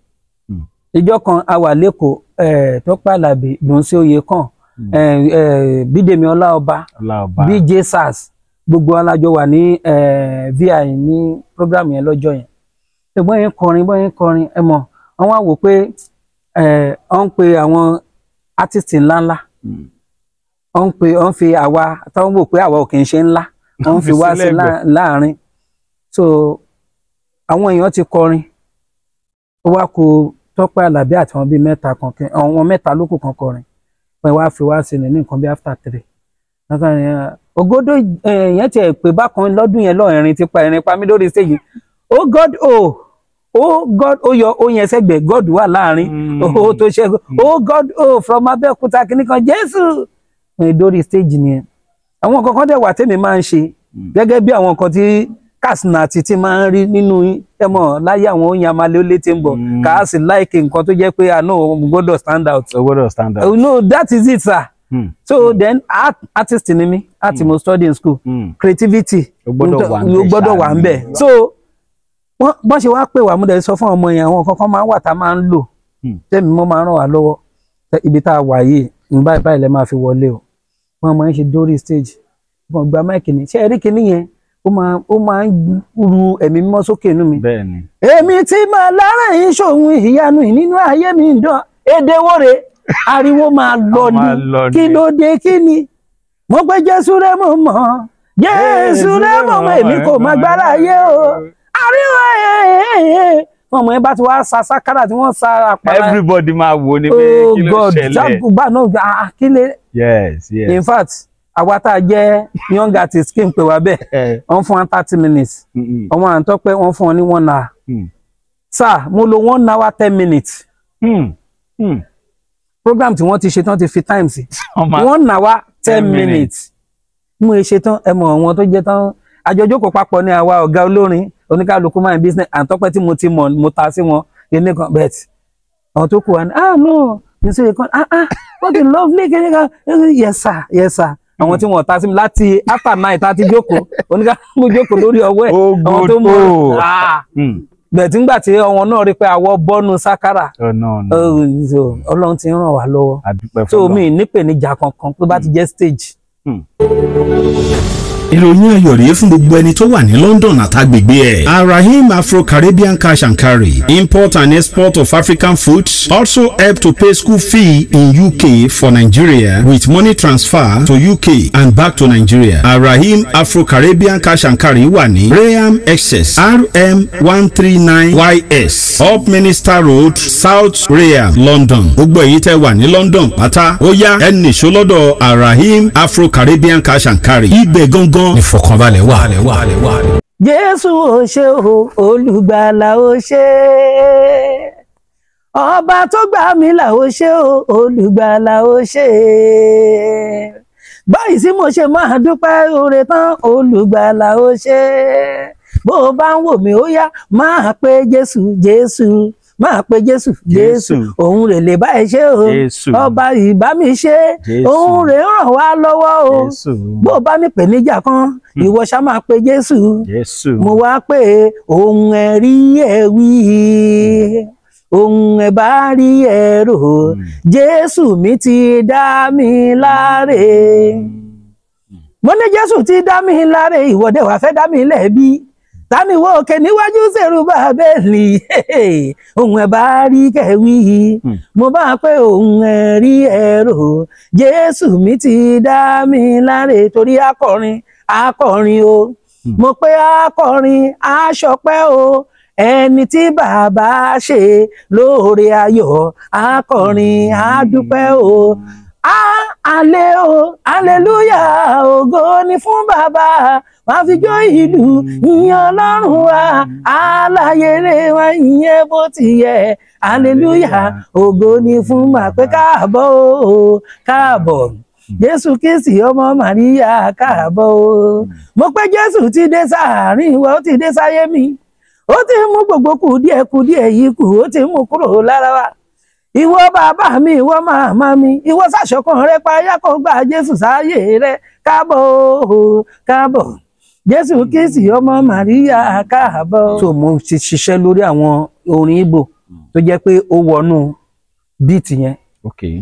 Hmm. ìjọ kan a wà lẹ́kọ̀ọ́ tó pàlàbí dùn sí oyè kan hmm. bídèmí ọláọba bj sars gbogbo alájọ wà ní vi ní program yẹn lọ́jọ́ yẹn ẹ̀gbọ́n yẹn kọrin bọ́n yẹn kọrin ẹ mọ̀ wọ́n wá wò pé ọ ń pe àwọn artist ńláńlá hmm. ọ ń pe ọ ń fi àwa táwọn wò pé àwa ò kì í ṣe ńlá ọ ń fi wá sí láàrin so àwọn èèyàn ti kọrin ó wá kó Tọ́pẹ́ Àlàbí àti àwọn bíi mẹ́ta kan àwọn mẹ́ta lókù kan kọrin pé wá fi wá sílẹ̀ ní nǹkan bíi after three ògódó yẹn tiẹ̀ pé bákan lọ́dún yẹn lọ ẹ̀rin ti pa ẹ̀rin pa mí lórí stage oh god oh oh god ó yọ ó yẹn sẹgbẹ god wà láàrin hmm. ó tó ṣẹgun oh hmm. god oh from abẹ́òkúta kìíní kan jésù ìdórí stage nìyẹn àwọn nǹkan kan dẹ̀ wà tèmi máa ń ṣe hmm. gẹ́gẹ́ bí àwọn nǹkan tí kásìnà àti tí máa ń rí nínú ẹmọ láyé àwọn oyin amalé ó lé tí ń bọ̀ kàásì láìkè nǹkan tó jẹ́ pé àná òun gbọ́dọ̀ stand out. o gbọ́dọ̀ stand out. no that is it sir. so then art artist ni mi art mm. mo study in school. Mm. creativity o gbọ́dọ̀ wà ń bẹ̀ so wọ́n bọ́n ṣe wáá pè wá múdẹ sọ fún ọmọ yẹn àwọn kankan máa ń wà tá a máa ń lò hmm. tẹ́mi mọ́ máa ń ràn wá lọ́wọ́ ibi tá a wà yìí ní báyìí báyìí lẹ́ máa fi wọlé o wọ́n máa ń ṣe dórí stage wọ́n gba máìkì ní ṣé ẹ̀rí kìíní yẹn ó máa ó máa ń ru ẹ̀mí mímọ́ sókè inú mi. bẹ́ẹ̀ni. èmi tí màá lára yín ṣòun ìyanu nínú ayé mi ń dán èdè wóre ariwo máa lọ ni kí ló dé kí ni mo pé jésù rẹ mo mọ jésù rẹ mo mọ èmi kò má gbára ayé o àríwá ẹ̀ẹ́ wọn mọ̀ ẹ́ bá ti wá sa sákàrà tí wọ́n sa àpárá. everybody máa wo ni pé kí ló ṣẹlẹ̀. jágùn bá náà àkílẹ̀. Ah, ah, yes yes. in fact àwa tá a jẹ́ young artist kí n pè wá bẹ́ẹ̀ eh. wọ́n fún wa thirty minutes ọmọ à ń tọ́ pé wọ́n fún ọ ní one hour. Hmm. sir mo lo one hour ten minutes. Mm. Mm. program tí wọ́n ti ṣe tán ti fi time sí one hour ten minutes. mo ṣe tán ẹ mọ̀ àwọn tó jẹ́ tán àjọjókòó papọ̀ ní àwa ọ̀gá olórin oníkálukú máa ń business àtọ́pẹ́ tí mo ti mọ̀ mo ta sí wọn ilé kan bet àwọn tó kù wá ní ah no mi sọ èèkan ah ah what lovely kiri kan yes sir yes sir àwọn tí wọn ta sí mi láti after nine tá a ti jókòó oníkálukú jókòó lórí ọwọ́ ẹ̀ àwọn tó mọ̀ ah hmm. bẹ̀tí ngbà tí ọmọ náà rí pé àwọ bọ́nu sákàrà oh, oh, ọlọ́run ti ràn wá lọ́wọ́ tó mi nípèníjà kankan tó bá ti jẹ́ stage. Hmm ìròyìn ayọ̀ rèé fún gbogbo ẹni tó wà ní London àtàgbègbè ẹ̀. Arahim Afro-Caribbean Cash and Carry import and export of African food also help to pay school fee in UK for Nigeria with money transfer to UK and back to Nigeria. Arahim Afro-Caribbean Cash and Carry wà ní Rayam Excess RM one three nine YS Up Minister Road South Rayam London. Gbogbo èyí tẹ́ wà ní London pátá ó yá ẹnì ṣó lọ́dọ̀ Arahim Afro-Caribbean Cash and Carry ibẹ̀ gangan gan. ìfọ̀kànbalẹ̀ wà. jésù ò ṣe o olùgbàlà ò ṣe ọba tó gbà mí là ó ṣe o olùgbàlà ó ṣe báyìí sí mo ṣe máa dúpẹ́ oore tán olùgbàlà ó ṣe bó o bá ń wò mí ó yá máa pe jésù jésù. Ma pe jésù jésù òun rè lè bá ẹ ṣe o ọba ìbá mi ṣe òun rè ń ràn wá lọ́wọ́ o ba mi bá ní pèníjà kan hmm. ìwọ ṣá máa pe jésù mo wá pé òun ẹ rí ẹ wí hmm. ohun ẹ bá rí ẹ rò hmm. jésù mi ti dá mi láre mo ní jésù ti dá mi láre ìwọ́de wàá fẹ́ dá mi lẹ́bi tàmíwò òkè níwájú ṣèrú bábẹ́ẹ̀lì ohun ẹ̀ bá rí kẹ̀wí hmm. mo bá pé ohun ẹ̀ rí ẹ̀rọ jésù mi ti dá mi láre torí akọrin akọrin o hmm. mo pé akọrin aṣọpẹ́ o ẹni tí bàbá ṣe lóore ayọ̀ akọrin adúpẹ́ o. Mm àlè o àlèlúyà ògo ni fún bàbá wàá fi jó ìlú ìyìn ọlọ́run wa aláyèrè wa ìyẹn bó ti yẹ àlèlúyà ògo ni fún màpé káàbọ̀ o káàbọ̀ jésù kìsì ọmọ màríyà káàbọ̀ o mo pé jésù ti dé sáàárín wa ó ti dé sáyé mi ó ti mú gbogbo kùdíẹ̀ kùdíẹ̀ yìí kù ó ti mú kúrò lára wa ìwọ bàbá mi ìwọ màmá mi ìwọ sàṣọkan rẹ payá kó gba jésù sáyé rẹ káàbọ̀ káàbọ̀ jésù kìsì ọmọ màríyà káàbọ̀. tó mo ti ṣiṣẹ́ lórí àwọn orin Igbo tó jẹ́ pé ó wọnú bíìtì yẹn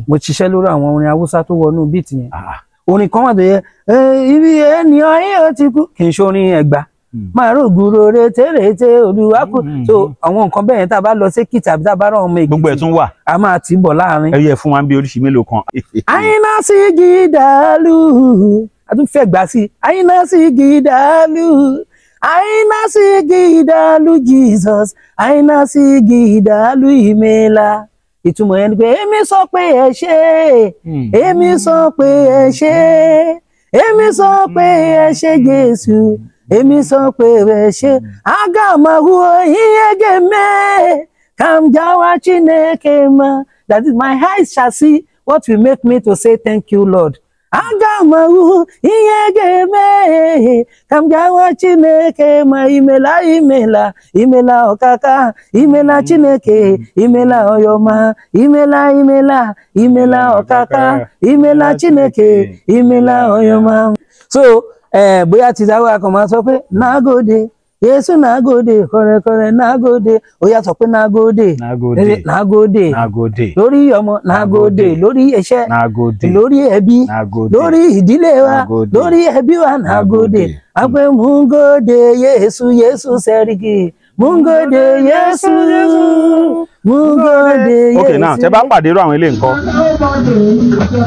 mo ṣiṣẹ́ lórí àwọn orin haúsá tó wọnú bíìtì yẹn ah. orin kan wà tó yẹ eh, ibi ènìyàn yìí ó ti kú kì í ṣe orin ẹ̀gbá. Hmm. máa rògùrò rete rete olúwa kù hmm. so àwọn nǹkan bẹ́ẹ̀ yẹn tá a bá lọ sékìtì àbí tá a bá rán ọmọ èkìtì gbogbo ẹ̀ tún wà a máa tì í bọ̀ láàrin. ẹ yẹ fún wa bí oríṣi mélòó kan. àyínná sí gídàálù a tún fẹ́ gbà sí àyínná sí gídàálù àyínná sí gídàálù jesus àyínná sí gídàálù ìmẹ́lá ìtumọ̀ yẹn ni pé èmi sọ pé ẹ ṣe hmm. èmi sọ pé ẹ ṣe èmi sọ pé ẹ ṣe jésù èmi sọ pé rẹ̀ ṣe hmm. agaamaru ihe ga-eme kamjawa chineke ma that is my eyes shall see what will make me to say thank you lord agaamaru ihe ga-eme kamjawa chineke ma imela imela imela ọkaka imela hmm. chineke imela ọyọma imela imela imela ọkaka imela chineke imela ọyọma so ẹ bóyá ti dáwọ́ akọ̀mọ́ sọ pé nágòdè yéésù nágòdè kọrẹkọrẹ nágòdè ó sọ pé nágòdè nágòdè lórí ọmọ nágòdè lórí iṣẹ́ lórí ẹbí lórí ìdílé wa lórí ẹbí wa nágòdè gode yéésù yéésù Mun gode Yesu. Mun gode Yesu. Okay now, tẹ́ bá pàdé irú àwọn ilé nǹkan. Hallelujah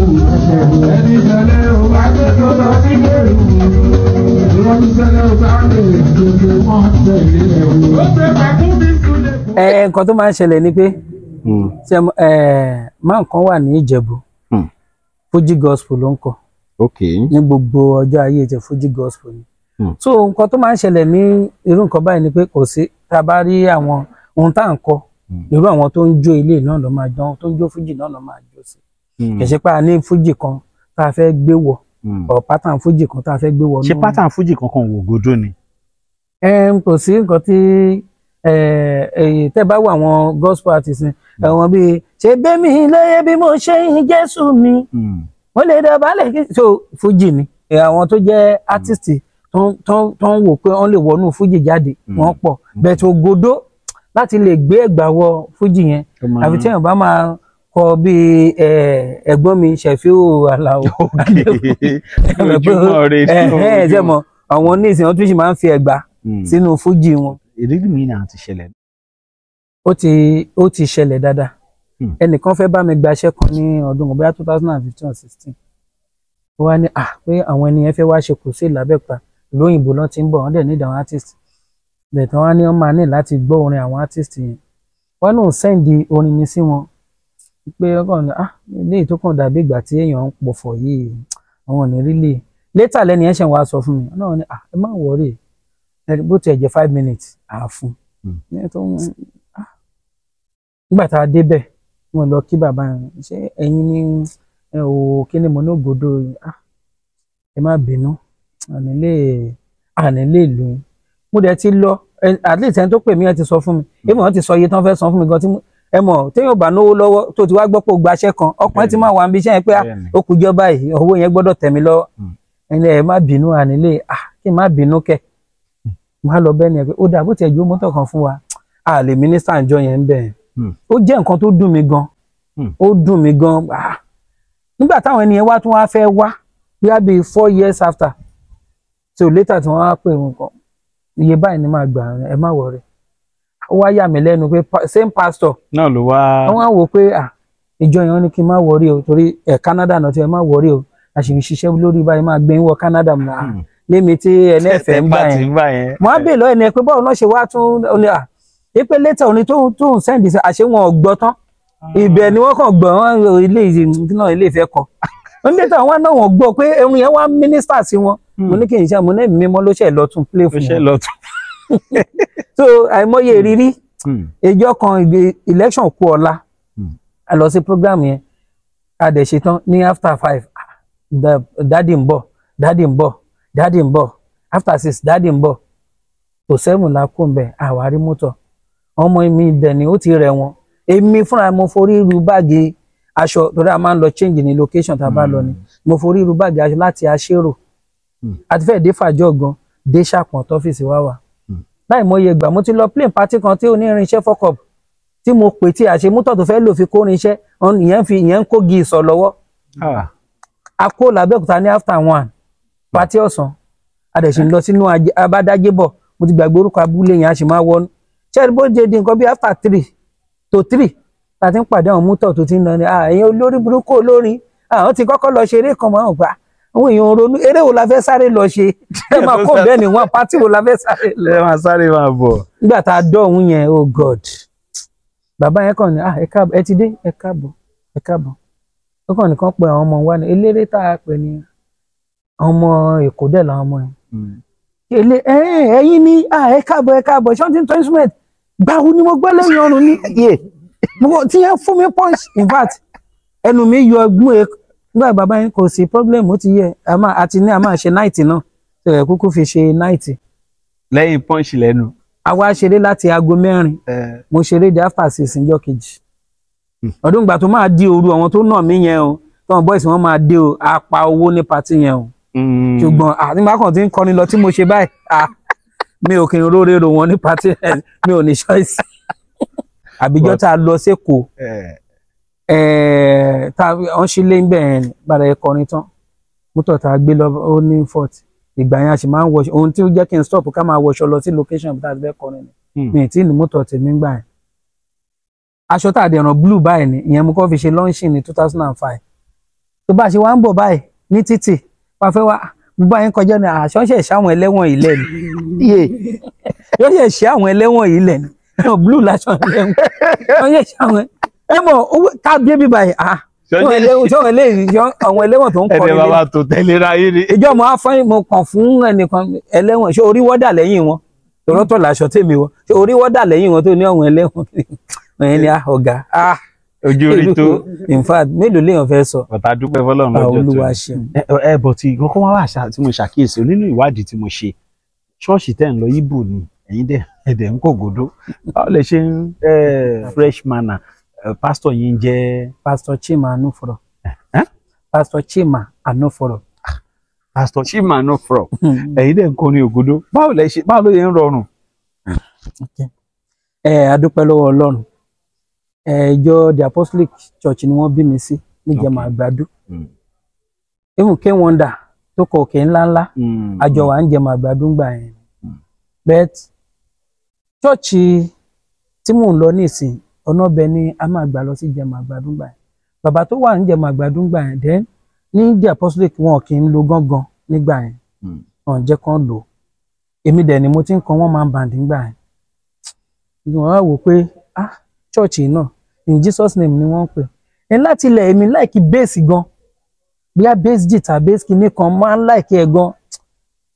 ẹni tẹ̀lé o bá gbé tó lọ sí gbèrú nǹkan tó máa ń ṣẹlẹ̀ ni pé hmm. ṣe máa kan wà ní Ìjẹ̀bú hmm. Fuji gospel ló ń kọ ní gbogbo ọjọ́ ayé ti Fuji gospel ni hmm. so nǹkan tó máa ń ṣẹlẹ̀ ní irú nǹkan báyìí ni pé kò sí tá a bá rí àwọn ohun tá à ń kọ irú àwọn tó ń jó ilé náà ló máa jó tó ń jó fújì náà ló máa jó sí Hmm. kì í ṣe pé a ní fújì kan tá a fẹ́ gbé wọ̀ ọ̀ pátán fújì kan tá a fẹ́ gbé wọ̀. ṣé pátán fújì kankan wò godo ni. kò sí nǹkan tí tẹ́ bá wà àwọn gospel artist ẹ̀wọ̀n hmm. bíi ṣe bẹ́mi lóye bí mo ṣe ń jésù mi mo hmm. lè dọ̀bálẹ̀ kí so fújì ni àwọn tó jẹ́ artist tó ń wò pé wọ́n lè wọnú fújì jáde wọ́n pọ̀ bẹ̀tẹ̀ ògodó láti lè gbé ẹ̀gbà wọ fújì yẹn àfi tí èèyàn bá máa kọ bí ẹ̀gbọ́n mi ṣẹfíù aláwọ ojúmọ́ rẹ ṣe mọ àwọn oníṣẹ́ wọn tún sì máa ń fi ẹ̀gbà hmm. sínú fújì wọn. ìrírí mi náà ti ṣẹlẹ̀. ó ti ó ti ṣẹlẹ̀ dáadáa hmm. ẹnìkan fẹ́ bá mi gbaṣẹ́ kan ní ọdún kan bóyá two thousand and fifteen or sixteen ó wá ní à pé àwọn ènìyàn fẹ́ wá ṣe kù sí ìlàbẹ́pà lóyìnbó lọ́n ti ń bọ̀ wọ́n dẹ̀ nídìí àwọn artist bẹ̀tẹ̀ wọ́n á ní wọ́n máa ní láti gbọ́ orin àwọn artist yẹn wọ́n lóun sẹ́ǹdì orin mi sí wọn pé ọkàn ah léyìí tó kàn dàbí ìgbà tí èèyàn ń pọ̀fọ̀ yìí àwọn ò ní rí lè létà lẹ́ni ẹ̀ ṣẹ̀ wá sọ fún mi náà ni ah ẹ má wọrí bó tiẹ̀ jẹ́ five minutes àáfún hmm. ah. nígbà tá a débẹ̀ wọn lọ kí bàbá yẹn ṣé ẹ̀yin ni ẹ ò kí ni mo ní ògbódò ah ẹ má bínú ànílé ànílé ìlú mo dẹ̀ ti lọ at least ẹni tó pè mí ẹ ti sọ fún mi èmi hmm. wọn ti sọ iye tí fẹ́ san fún mi gan tí ẹ mọ̀ téèyàn bá náwó lọ́wọ́ tó ti wá gbọ́ pé o gbaṣẹ́ kan ọkùnrin ti máa wà níbi iṣẹ́ yẹn pé ah, ó kù jọba yìí owó yẹn gbọ́dọ̀ tẹ̀ mí lọ́wọ́ hmm. ẹ má bínú ànílé ah kí n má bínú kẹ̀ hmm. má lọ bẹ́ẹ̀ ni ẹ pé ó dà bó tiẹ̀ jó mọ́tò kan fún wa a lè mínísítà ìjọ yẹn ń bẹ̀ hmm. ó jẹ́ nǹkan tó dùn mí gan ó dùn mí gan ah nígbà táwọn ènìyàn wá tún wá fẹ́ wá bíi àbí four years after so later tí wọ́n wá pè wọn kan iye báyìí ni máa gbà ẹ má wọ̀rẹ́ ó wá yà mí lẹ́nu pé same pastor. náà ló wá. àwọn àwò pé ah, ìjọ yẹn wọn ni kí n má wọrí o torí ẹ eh, Canada náà ti ẹ má wọrí o a sì ń ṣiṣẹ́ lórí báyìí máa gbé wọ Canada mu náà ah, hmm. lémi tí ẹni ẹfẹ ń bá yẹn mo á bè lọ ẹni pé báwo náà ṣe wá tún ọ ní à ah, é pé later òní tó tó ń sẹ́ǹdì sí àṣé wọn ò gbọ́ tán ibẹ̀ ni wọ́n kàn gbọ́ wọn ilé náà ilé ìfẹ́ kọ wọn later wọn náà wọ́n gbọ́ pé ẹ̀rùn yẹn wá mínísítà sí wọn hmm. mo ní kí n ṣe mo ní mímọ́ ló ṣe lọ́tún play fún wọn so àìmọye hmm. ìrírí ìjọ hmm. kan ìgbé election kú ọ̀la hmm. a lọ sí program yẹn a dẹ̀ ṣetán ní after five dádì ń bọ̀ dádì ń bọ̀ dádì ń bọ̀ after six dádì ń bọ̀ tó seven la kó ń bẹ̀ àwárí mọ́tò ọmọ mi dẹ̀ ni ó ti rẹ̀ wọ́n èmi fúnra mo forí ru báàgì aṣọ torí a máa ń lọ change ní location tá a bá lọ ni mo forí ru báàgì aṣọ láti aṣèrò àti fẹ́ẹ̀ dé fàjọ gan dé ṣàpọ̀n tọ́fíìsì wá wà láì mọye ìgbà mo ti lọ plane party kan tí ó ní irinṣẹ́ fọ́kọ̀p tí mo pè tí àṣemútọ̀ tó fẹ́ lò fi kó irinṣẹ́ ìyẹn fi ìyẹn ń kó gi ìsọ̀ lọ́wọ́ ah. a kó làbẹ́òkúta ní after one party ọ̀sán a dẹ̀ sì ń lọ sínú abádájébọ̀ mo ti gbàgbé orúkọ abúlé yẹn a sì máa wọnú ṣẹ́ẹ̀rì bó ṣe di nǹkan bí after three to three ta ti ń pàdé àwọn mútọ̀ tó ti ń lọ ní ah, ẹ̀yin olórí burúkú olórin àwọn ah, ti kọ́kọ́ lọ ṣeré kan mọ́ àwọn gbà àwọn èèyàn ronú eré wo la fẹ́ sáré lọ ṣe ẹ máa kó bẹ́ẹ̀ ni wọn pátì wo la fẹ́ sáré lọ. ẹ máa sáré máa bọ̀. nígbà tá a dọ̀hún yẹn oh god bàbá yẹn kàn ní ah ẹ káàbọ̀ ẹ ti dé ẹ káàbọ̀ ẹ káàbọ̀ ó kàn nìkan pe àwọn ọmọ wa ni eléré tá a pè ní ọmọ èkó dẹ̀ làwọn ọmọ yẹn. èlé hmm. ẹ ẹyin ah ẹ káàbọ̀ ẹ káàbọ̀ something to instrument gbàù ni mo gbọ́ lẹ́yìn ọrùn ní iye tí yẹn fún mi punch in fact ẹnu mi yọ ẹgbún e, nígbà bàbá yín kò sí problem ó ti yẹ àti ní a máa ṣe náìtì náà tẹ̀rẹ̀ kúkú fi ṣe náìtì. lẹ́yìn pọ́ǹṣì lẹ́nu. àwa ṣeré láti aago mẹ́rin mo ṣeré di after six ǹjọ́ kejì hmm. ọdún ìgbà tó máa di òru àwọn tó nà mí yẹn o tọ́wọ́n bọ́ìsì wọn máa dé o apá owó ní patí yẹn o hmm. ṣùgbọ́n nígbà kan tí ń kọrin lọ tí mo ṣe báyìí mi ò kì í róore ro wọn ní patí mi ò ní ṣọ́ìsì àbíjọ́ tá a lọ sékòó Eh, tá wọ́n ṣe lé ńbẹ̀ yẹn ni gbàdá yẹn kọrin tán mọ́tò tá a gbé lọ ó ní fort ìgbà yẹn a sì máa ń ohun tí ó jẹ́ kí n stop ká máa wọṣọ lọ sí location tá a ti fẹ́ kọrin ni hmm. mi tí ní mọ́tò tèmi gbà yẹn aṣọ tá a dẹ̀ ràn blue báyìí ni ìyẹn mo kọ́ fi ṣe launching ní two thousand and five tó bá ṣe wá ń bọ̀ báyìí ní títì wàá fẹ́ wá gbogbo àyín kọjá ní àṣọṣẹ ṣáwọn ẹlẹ́wọ̀n ilẹ̀ ni yé yọṣẹ ṣe àwọn ẹlẹ́wọ̀n ni blue láṣọ ẹlẹ́wọ̀n yọṣẹ ṣáwọn ẹ mọ̀ owó tá a bí ẹbí báyìí ah sọ́wọ́n lè yọ àwọn ẹlẹ́wọ̀n tó ń kọ́ nílé ẹ̀rẹ̀ bàbá tó tẹ̀lé ra yé ni. ìjọ mo afọ mo kàn fún ẹnìkan ẹlẹ́wọ̀n ṣé orí wọ́dà lẹ́yìn wọn tòrótò làṣọ tèmi wọ ṣé orí wọ́dà lẹ́yìn wọn tó ní àwọn ẹlẹ́wọ̀n ẹ̀yìn ni ah, ọ̀gá ah, ojú orí tó in fact mélòó léèyàn fẹ́ sọ. ọ̀tá dúpẹ́ fọlọ́run lọ́jọ́ ah, tó ẹ bọ̀ tí kókó wá wà tí mo ṣàkíyèsí nínú ìwádìí tí mo ṣe ṣọ́ọ̀ṣì tẹ̀ ń lọ Ìgbò ni ẹ̀yin dẹ̀ ẹ̀dẹ̀ Eh, Pastor yìí ń Pastor Chima Anuforo. Eh, eh? Pastor Chima Anuforo. Ah, Pastor Chima Anuforo Eyi hmm. de. ń kọrin Ọlọ́run the apostolic church ni wọn bí mi sí níjẹ̀mọ̀ àgbàdo ehun kí wọ́n dà tó kọ òkè hmm. ọ̀nà ọbẹ̀ ni a máa gbà lọ sí jẹ̀mọ̀ àgbàdùn gbà yẹn bàbá tó wà ní jẹ̀mọ̀ àgbàdùn gbà yẹn dẹ́ ní jẹ́ apostolic wọn kì í lo gángan nígbà yẹn hmm. wọn jẹ́ kán lò èmi dẹ̀ ni mo ti ń kan wọ́n máa ń bàǹdì gbà yẹn ìgbìmọ̀ wa wò pé ah chọ́ọ̀chì náà in Jesus name ni wọ́n ń pè ẹ̀ láti ilẹ̀ èmi láìkí bẹ́ẹ̀sì gan bóyá bẹ́ẹ̀sì jìtà bẹ́ẹ̀sì kìíní kan máa ń láìkí ẹ̀ gan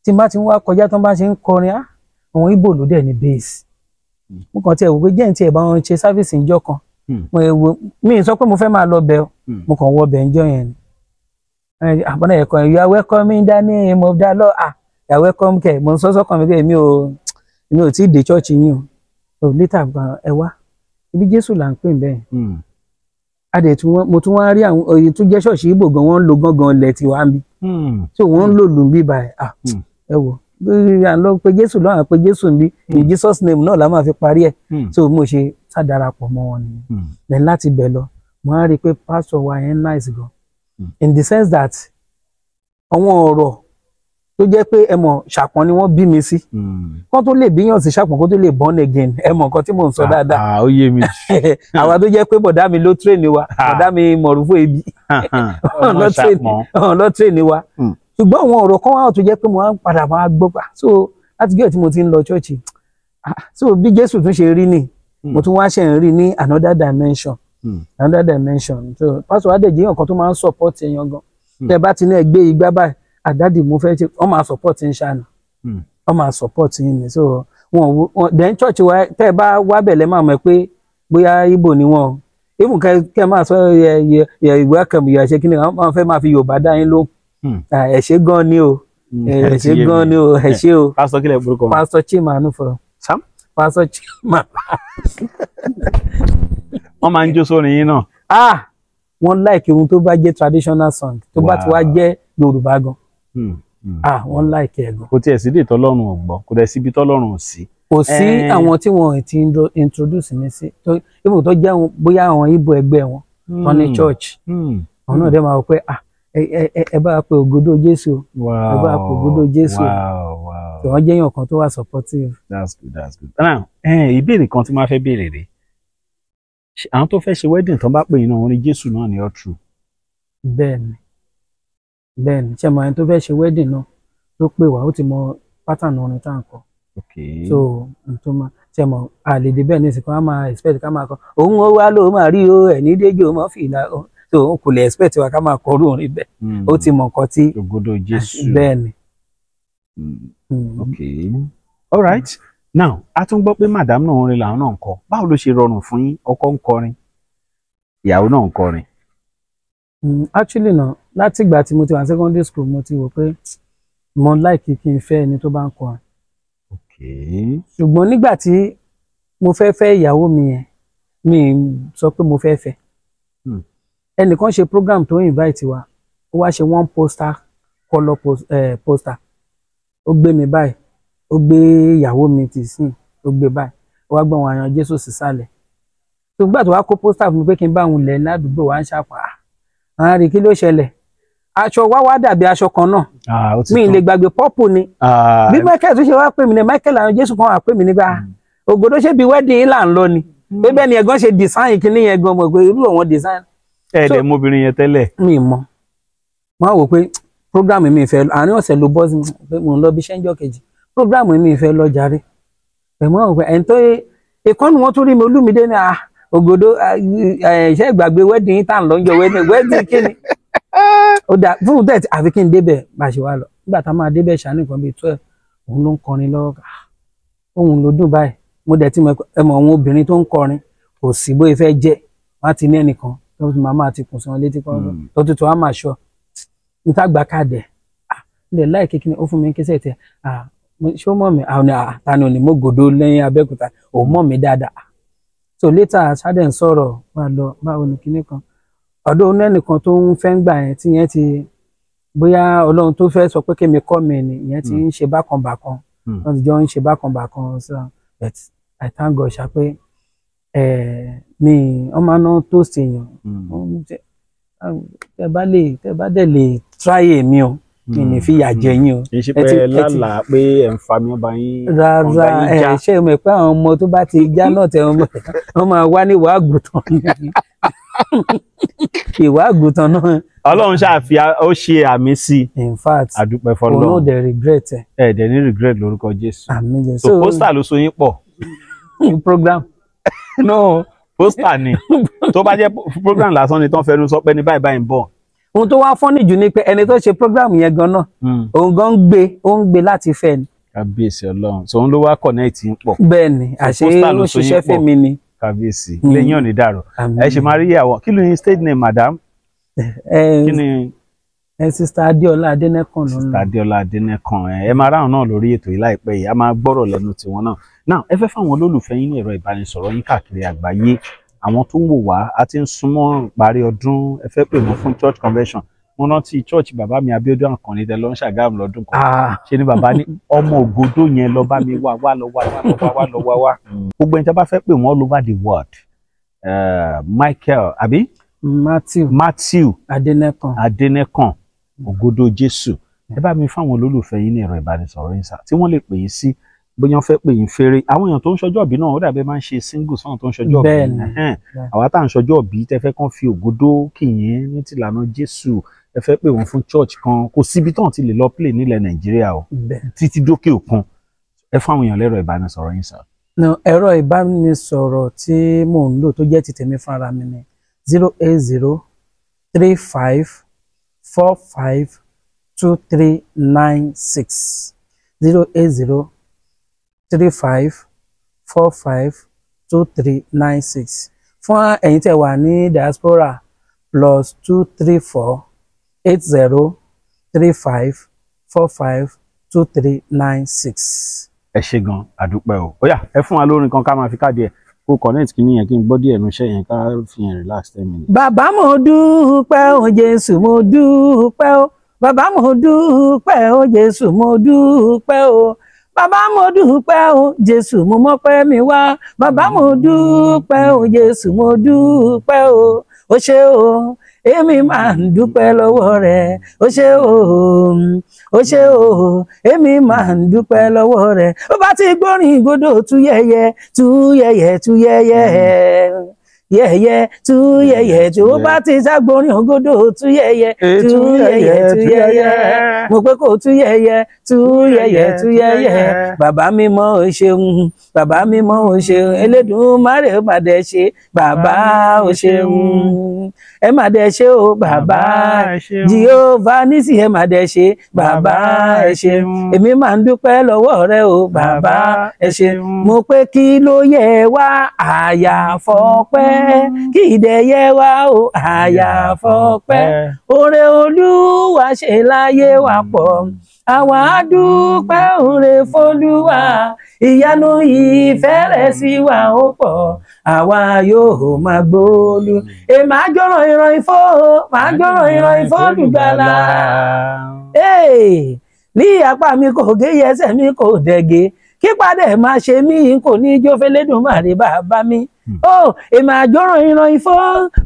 tí n bá ti wá kọjá tó bá ṣe ń kọrin ah àwọn Ìgbò ló dẹ̀ ní bẹ́ẹ̀sì mo kàn tiẹ̀ wò pé jẹ́ ní tiẹ̀ bá wọn ṣe sáfíìsì ńjọ́ kan hmm. mo yẹ wo mi sọ pé mo fẹ́ máa lọ bẹ̀ ọ́ hmm. mo kàn wọ bẹ̀ ńjọ́ yẹn ni àbọ̀nà ẹ̀kọ́ yẹn you are welcome in the name of the Lord ah you are welcome kẹ̀ mo sọ́sọ́ kan mi pé èmi ò èmi ò tí ì dé church yín o lítà ẹ wá ibi Jésù là ń pè bẹ́ẹ̀ hmm. adẹ̀ tí wọ́n mo tún wá rí àwọn òye tún jẹ́ ṣọ́ọ̀ṣì Ìgbò gan wọ́n ń lo gangan ilẹ̀ tiwa mi tí wọ́n ń lò lù ń bíbà ah, ẹ wò àlọ́ pé jésù lọ́wọ́ àwọn pé jésù ń bí in jesus name náà la máa fi parí ẹ̀ hmm. so mo ṣe sàdarapọ̀ mọ́ wọn nìyẹn hmm. then láti bẹ̀ lọ mo á rí i pé pastor wa yẹn nice gan hmm. in the sense that àwọn ọ̀rọ̀ tó jẹ́ pé ẹ mọ̀ ṣàpọ̀n ni wọ́n bí mi sí kó tó lè bíyàn sí ṣàpọ̀n kó tó lè born again ẹ mọ̀ nǹkan tí mò ń sọ ah, dáadáa ah, ó yé mi àwa tó jẹ́ pé bọ̀dá mi ló tírèèni wa ah. bọ̀dá mi mọ̀rúfó ibi ọ̀n ló tírèèni wa ṣùgbọ́n àwọn ọ̀rọ̀ kan wà tó jẹ́ pé mo máa ń padà máa gbọ́ pa so láti gbé tí mo ti ń lọ ṣọ́ọ̀ṣì ah, so bí Jésù tún ṣe rí ni hmm. mo tún wá ṣe ń rí ní another dimension hmm. another dimension so pásítọ̀ adéjì yàn kan tó máa ń support èèyàn gan hmm. tẹ bá ti ní ẹgbẹ́ igbá báyìí àdádì ah, mo fẹ́ ṣe wọ́n máa support ń ṣàná wọ́n máa support yín ni so wọn wọn then church wa tẹ́ ẹ bá wá bẹ̀lẹ́ máa mọ̀ pé bóyá Ìgbò ni wọn even kẹ́ kẹ́ máa sọ yẹ yẹ welcome yẹ ṣe kí ni wọ́n máa máa fi Yorùbá dá yín lóhùn Hmm. ẹ ṣé gan hmm. ni o ẹ ṣé gan ni o ẹ ṣé o pásítọ̀ kílẹ̀ burúkọ pásítọ̀ Chima Anufo sam pásítọ̀ Chima. wọ́n máa ń jó sórin yín náà. ah wọ́n like ohun tó bá jẹ́ traditional song tó bá ti wá jẹ́ Yorùbá gan ah wọ́n like ẹ̀ gan. kò tiẹ̀ sí lè tọ́lọ́run ò gbọ́ kò dẹ̀ síbi tọ́lọ́run ò sí kò sí eh. àwọn tí wọn ti introduce mi sí ibùdó jẹ́ bóyá àwọn ibo ẹgbẹ́ wọn wọn ní church àwọn náà dẹ́ máa wọ pé ah ẹ bá pe ògodó jésù ẹ bá pe ògodó jésù tí wọ́n jẹ́yàn kan tó wà supportive. that's good that's good now ìbéèrè kan tí wọ́n fẹ́ béèrè rèé àwọn tó fẹ́ ṣe wedding tán bá pè yín náà orin jésù náà ni all true. bẹ́ẹ̀ni bẹ́ẹ̀ni ṣe mọ ẹni tó fẹ́ ṣe wedding náà ló pè wá ó ti mọ pátánù orin tá à ń kọ. so tó máa ṣe mọ àlèdè bẹ́ẹ̀ ní ìsìnkú wọn máa expect ká máa kọ òun ó wá ló máa rí o ẹ̀ ní déjò mọ́ o so kò lè expect wa ká máa kọrú orin bẹ́ẹ̀ hmm. ó ti mọ nǹkan tí ògodo Jésù bẹ́ẹ̀ ni. Hmm. Hmm. okay all right now a tún gbọ́ pé madam náà orin làwọn náà ń kọ báwo ló ṣe rọrùn fún yín ọkọ ń kọrin ìyàwó náà ń kọrin. actually na látìgbà tí mo ti wà ní secondary school mo ti wò pé mo like kí n fẹ́ ẹni tó bá ń kọrin. ṣùgbọ́n nígbà tí mo fẹ́ fẹ́ ìyàwó mi yẹn mi sọ pé mo fẹ́ fẹ́ ẹnìkan ṣe program tó invite wa ó wá ṣe one poster color post, eh, poster ó gbé mi báyìí ó gbé ìyàwó mi tì sí ó gbé báyìí ó wá gbọ́n àwọn àyàn jésù sísàlẹ̀ tó gbà tó wá kó poster fún mi pé kí n bá òun lẹ̀ ládùúgbò wa ń ṣàpà àwọn àrí kí ló ṣẹlẹ̀ aṣọ wa wá dàbí aṣọ kan náà ah, mi lè gbàgbé pọ́pù ni ah, bí michael tó ṣe wá pè mí ni michael àwọn jésù kan wà pè mí nígbà ah, hmm. ògòdó ṣe bí wedding yìí là ń lọ ni hmm. bẹ́ẹ̀ ni ẹ̀gbọ́n ṣe design kínní yẹn gan mọ̀ pé irú àwọn design ẹ̀ẹ́dẹ̀ mọ́bìnrin yẹn tẹ́lẹ̀. mi mọ wọn wò pé program mi fẹ́ àárín ọ̀sẹ̀ ló bọ́ sí mi pé mò ń lọ bí iṣẹ́ ńjọ́ kejì program mi fẹ́ lọ jàre ẹ̀mọ́ wò pé ẹ̀ńtọ́ ìkọ́nù wọn tún rí mi olúmídé ní à ah, ògòdó ẹ̀ṣẹ́ ah, ìgbàgbé wedding tá à ń lọ jọ wedding wedding kí ni ó dà fún un tẹ̀sí àfi kí n débẹ̀ bá ṣe wá lọ nígbà tá a máa débẹ̀ ṣáà nìkan bíi twelve òun ló ń kọrin lọ́wọ́ òun ah, ló dùn báyìí mo dẹ̀ ti mọ̀ ẹ̀mọ̀ àwọn obìnrin tó ń kọrin kò sí bóyá fẹ́ jẹ́ wọ́n ti ní ẹnìkan tó tún máa máa ti kùn sanwó létí pọ́n hmm. tó tún tún á máa ṣọ níta gba káàdì ẹ̀ ǹdẹ̀ ah, láì kékeré ó fún mi kéṣẹ́ tẹ ah, ṣé ó mọ̀ mí àwọn àtàní òní mo gòdó lẹ́yìn Abẹ́òkúta ò mọ̀ mí dáadáa ah, so later ṣáde ń sọ̀rọ̀ wà lọ báwo ni kinní kan ọ̀dọ́ onẹ́nìkan tó ń fẹ́ ń gbà yẹn tí yẹn ti bóyá Ọlọ́run tó fẹ́ sọ pé kémi kọ́ mi ni ìyẹn ti hmm. ń ṣe bákan bákan hmm. wọ́n ti jọ ń ṣe bákan bákan so but I thank God ṣá pé mi ọmọ aná tó ṣèyàn tẹ bá lè tẹ bá dẹ lè tíráyè mi o mi hmm. ní fi yà jẹ yín o. kì í ṣe pé lálàá pé ẹ̀ ń fa mi ọba yín. rárá ẹ ṣe mọ pé àwọn ọmọ tó bá ti já náà tẹ wọn máa wá ní ìwà àgùntàn ìwà àgùntàn náà. Ọlọ́run ṣàfi ó ṣe àmì sí i. in fact àdúpẹ́ fọ́lọ́run òun ò dẹ̀ regret ẹ. ẹ dẹ̀ ní regret lórúkọ Jésù. àmín so pósítà ló so yín pọ̀. program. no pósítà ni tó bá jẹ́ program lásán ni tó ń fẹnu sọ pé ní báyìí báyìí ń bọ̀. ohun tó wá fọ́nì jù ni pé ẹni tó ṣe program yẹn gan-an hmm. òun gan ń gbé ó ń gbé láti fẹ́ ni. kábíyèsí ọlọ́run tòun ló wá kọ̀nẹ́ẹ̀tì ń pọ̀. bẹ́ẹ̀ ni àṣé ló ṣiṣẹ́ fẹ́mi ni. kábíyèsí hmm. lẹ́yìn òní dàrú ẹ ṣe máa rí àwọn kí ló ní stage name madam. Eh, kí ni ẹ eh, sista Adéọlá Adénẹkàn ló ń lọ. sista Adéọlá Adénẹkàn eh, ẹ máa ráhùn náà lórí ètò yìí láìpẹ́ yìí a máa gbọ́rọ̀ lẹ́nu tiwọn náà now ẹ fẹ́ fáwọn olólùfẹ́ yín ní ẹ̀rọ ìbánisọ̀rọ̀ yín káàkiri àgbáyé àwọn tó ń wò wá a ti ń súnmọ́ parí ọdún ẹ fẹ́ pè wọ́n fún church convention mo rántí church bàbá mi Abíọ́dún Àkànní tẹ lọ ń ṣàgámù lọ́dún kan ah. ṣe ni bàbá ní ọmọ ògodó yẹn lọ bá mi wá wá lọ wá wá lọ wá wá lọ gbogbo ẹni tí a bá fẹ́ pè wọ́n all over the world uh, Michael abi Matthew Matthew Adénẹ́kan Adénẹ́kan mm. ògodó Jésù ẹ bá mi fáwọn olólùfẹ́ yín ní ẹ̀rọ ìbánisọ̀rọ̀ yín sá tí wọ́n lè pè yín sí 0244 bóyá wọ́n fẹ́ pè yín fèrè àwọn èèyàn tó ń ṣọjọ́ òbí náà ó dàbẹ́ máa ń ṣe singles fáwọn tó ń ṣọjọ́ òbí àwa tá à ń ṣọjọ́ òbí tẹ́ fẹ́ kàn fi ògodó kì yín ní tìlànà Jésù ẹ fẹ́ pè wọ́n fún church kan kò síbi tán ti lè lọ play nílẹ̀ Nàìjíríà o títí dókè òkun ẹ fún àwọn èèyàn lẹ́rọ ìbánisọ̀rọ̀ yín sir. ẹ̀rọ ìbánisọ̀rọ̀ tí mò ń lò tó jẹ́ ti tèmi fúnra mi ni zero eight zero three five four five two three nine six zero eight zero three five four five two three nine six fún ẹ̀yin tẹ̀ wà ní diaspora plus two three four eight zero three five four five two three nine six. ẹ ṣe gan àdúpẹ́ o ó yá ẹ fún wa lórin kan ká máa fi káàdì ẹ̀ kó connect kí nìyẹn kí n gbọ́ díẹ̀ níṣẹ́ yẹn ká fi hàn relax ten minutes. bàbá mo dúpẹ́ o jésù mo dúpẹ́ o bàbá mo dúpẹ́ o jésù mo dúpẹ́ o bàbá mo dúpẹ́ o jésù mo mọ́pẹ́ mi wá bàbá mo dúpẹ́ o jésù mo dúpẹ́ o o ṣé o èmi máa ń dúpẹ́ lọ́wọ́ rẹ o ṣé o o ṣé o èmi máa ń dúpẹ́ lọ́wọ́ rẹ ó bá ti gbórin ìgbódò tú yẹyẹ tú yẹyẹ tú yẹyẹ. Mm -hmm yẹ̀yẹ́ tú yẹ̀yẹ́ tí ó bá ti ságbórin ògodò tú yẹ̀yẹ́ tú yẹ̀yẹ́ tú yẹ̀yẹ́ mo pé kò tú yẹ̀yẹ́ tú yẹ̀yẹ́ tú yẹ̀yẹ́ bàbá mi mọ ò ṣeun bàbá mi mọ ò ṣeun Elédùmarè ó mà dẹ̀ ṣe bàbá ò ṣeun ẹ mà dẹ̀ ṣe o bàbá Jèhófà nísìnyí ẹ mà dẹ̀ ṣe bàbá ẹ ṣeun èmi máa ń dúpẹ́ lọ́wọ́ rẹ o bàbá ẹ ṣeun mo pé kí ló yẹ wá àyàfọ́pẹ́ kí ìdẹ̀yẹ wa o àyà fọpẹ́ oore olúwa ṣe láyé wa hmm. pọ̀ àwa dúpẹ́ oore fọlúwa ìyanu ìfẹ́rẹ̀ sí wa ó pọ̀ àwa yóò máa gbóòlù hmm. ẹ máa jọ̀rọ̀ ìran ìfọ́ máa jọ̀rọ̀ ìran ìfọ́ dùgbàlà ní apá mi kò gé ẹsẹ̀ mi kò dẹ̀gé kípadà má ṣe mí kò ní jófẹ́lẹ́dùn má rí bàbá mi ó èmi àjọràn ìran ifó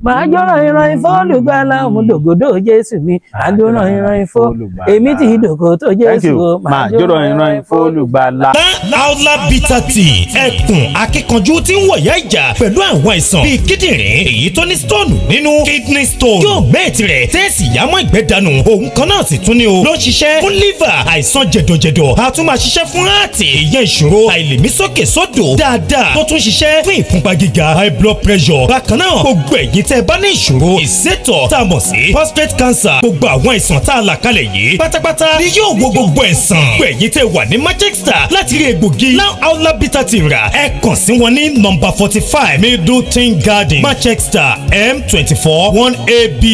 màá jọràn ìran ifó olùgbàlà òmùdògòdò jésù mi àjọràn ìran ifó èmi tí ìdògò tó jésù o màá jọràn ìran ifó olùgbàlà. láúlá bitter tea ẹkùn akíkanjú tí ń wọ̀yá ìjà pẹ̀lú àwọn àìsàn bíi kíndìnrín èyí tó ní stone nínú kidney stone yóò mẹ́ẹ̀tì rẹ̀ tẹ́ẹ̀sì yámọ́ ìgbẹ́ dànù òun kan náà sì tún ni o ló ń ṣiṣẹ́ fún liver àìsàn jẹ̀dọ̀jẹ̀dọ̀ a tún máa ṣiṣẹ́ fún heart ìyẹn ìṣòro àìlèmísókè sódò dáadáa tó tún ṣiṣẹ́ fún ìfúnpá gíg gíga high blood pressure bákan náà gbogbo ẹ̀yin tẹ́ bá ní ìṣòro ìsétọ̀ tá a mọ̀ sí prostate cancer gbogbo àwọn àìsàn tá a là kalẹ̀ yìí pátápátá ni yóò wo gbogbo ẹ̀sán gbogbo ẹ̀yin tẹ́ wà ní manchester láti rí egbògi now aula bitter tea. rà ẹ kàn sí wọn ní nọ́mbà forty five middleton garden star m twenty four one ab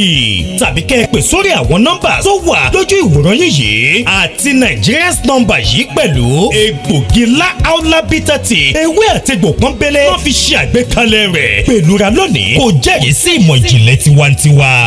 tàbí kẹ́ ẹ pè sórí àwọn nọ́mbà tó wà lójú ìwòran yìí yìí àti nigerians nọ́mbà yìí pẹ̀lú egbògi la aula bitter ti ewé àtegbò pọ́nbélé wọ́n fi ṣe àgbẹ̀ àgbékalẹ̀ rẹ̀ pẹ̀lúra lónìí kò jẹ́rìí sí ìmọ̀ ìjìnlẹ̀ tiwantiwa.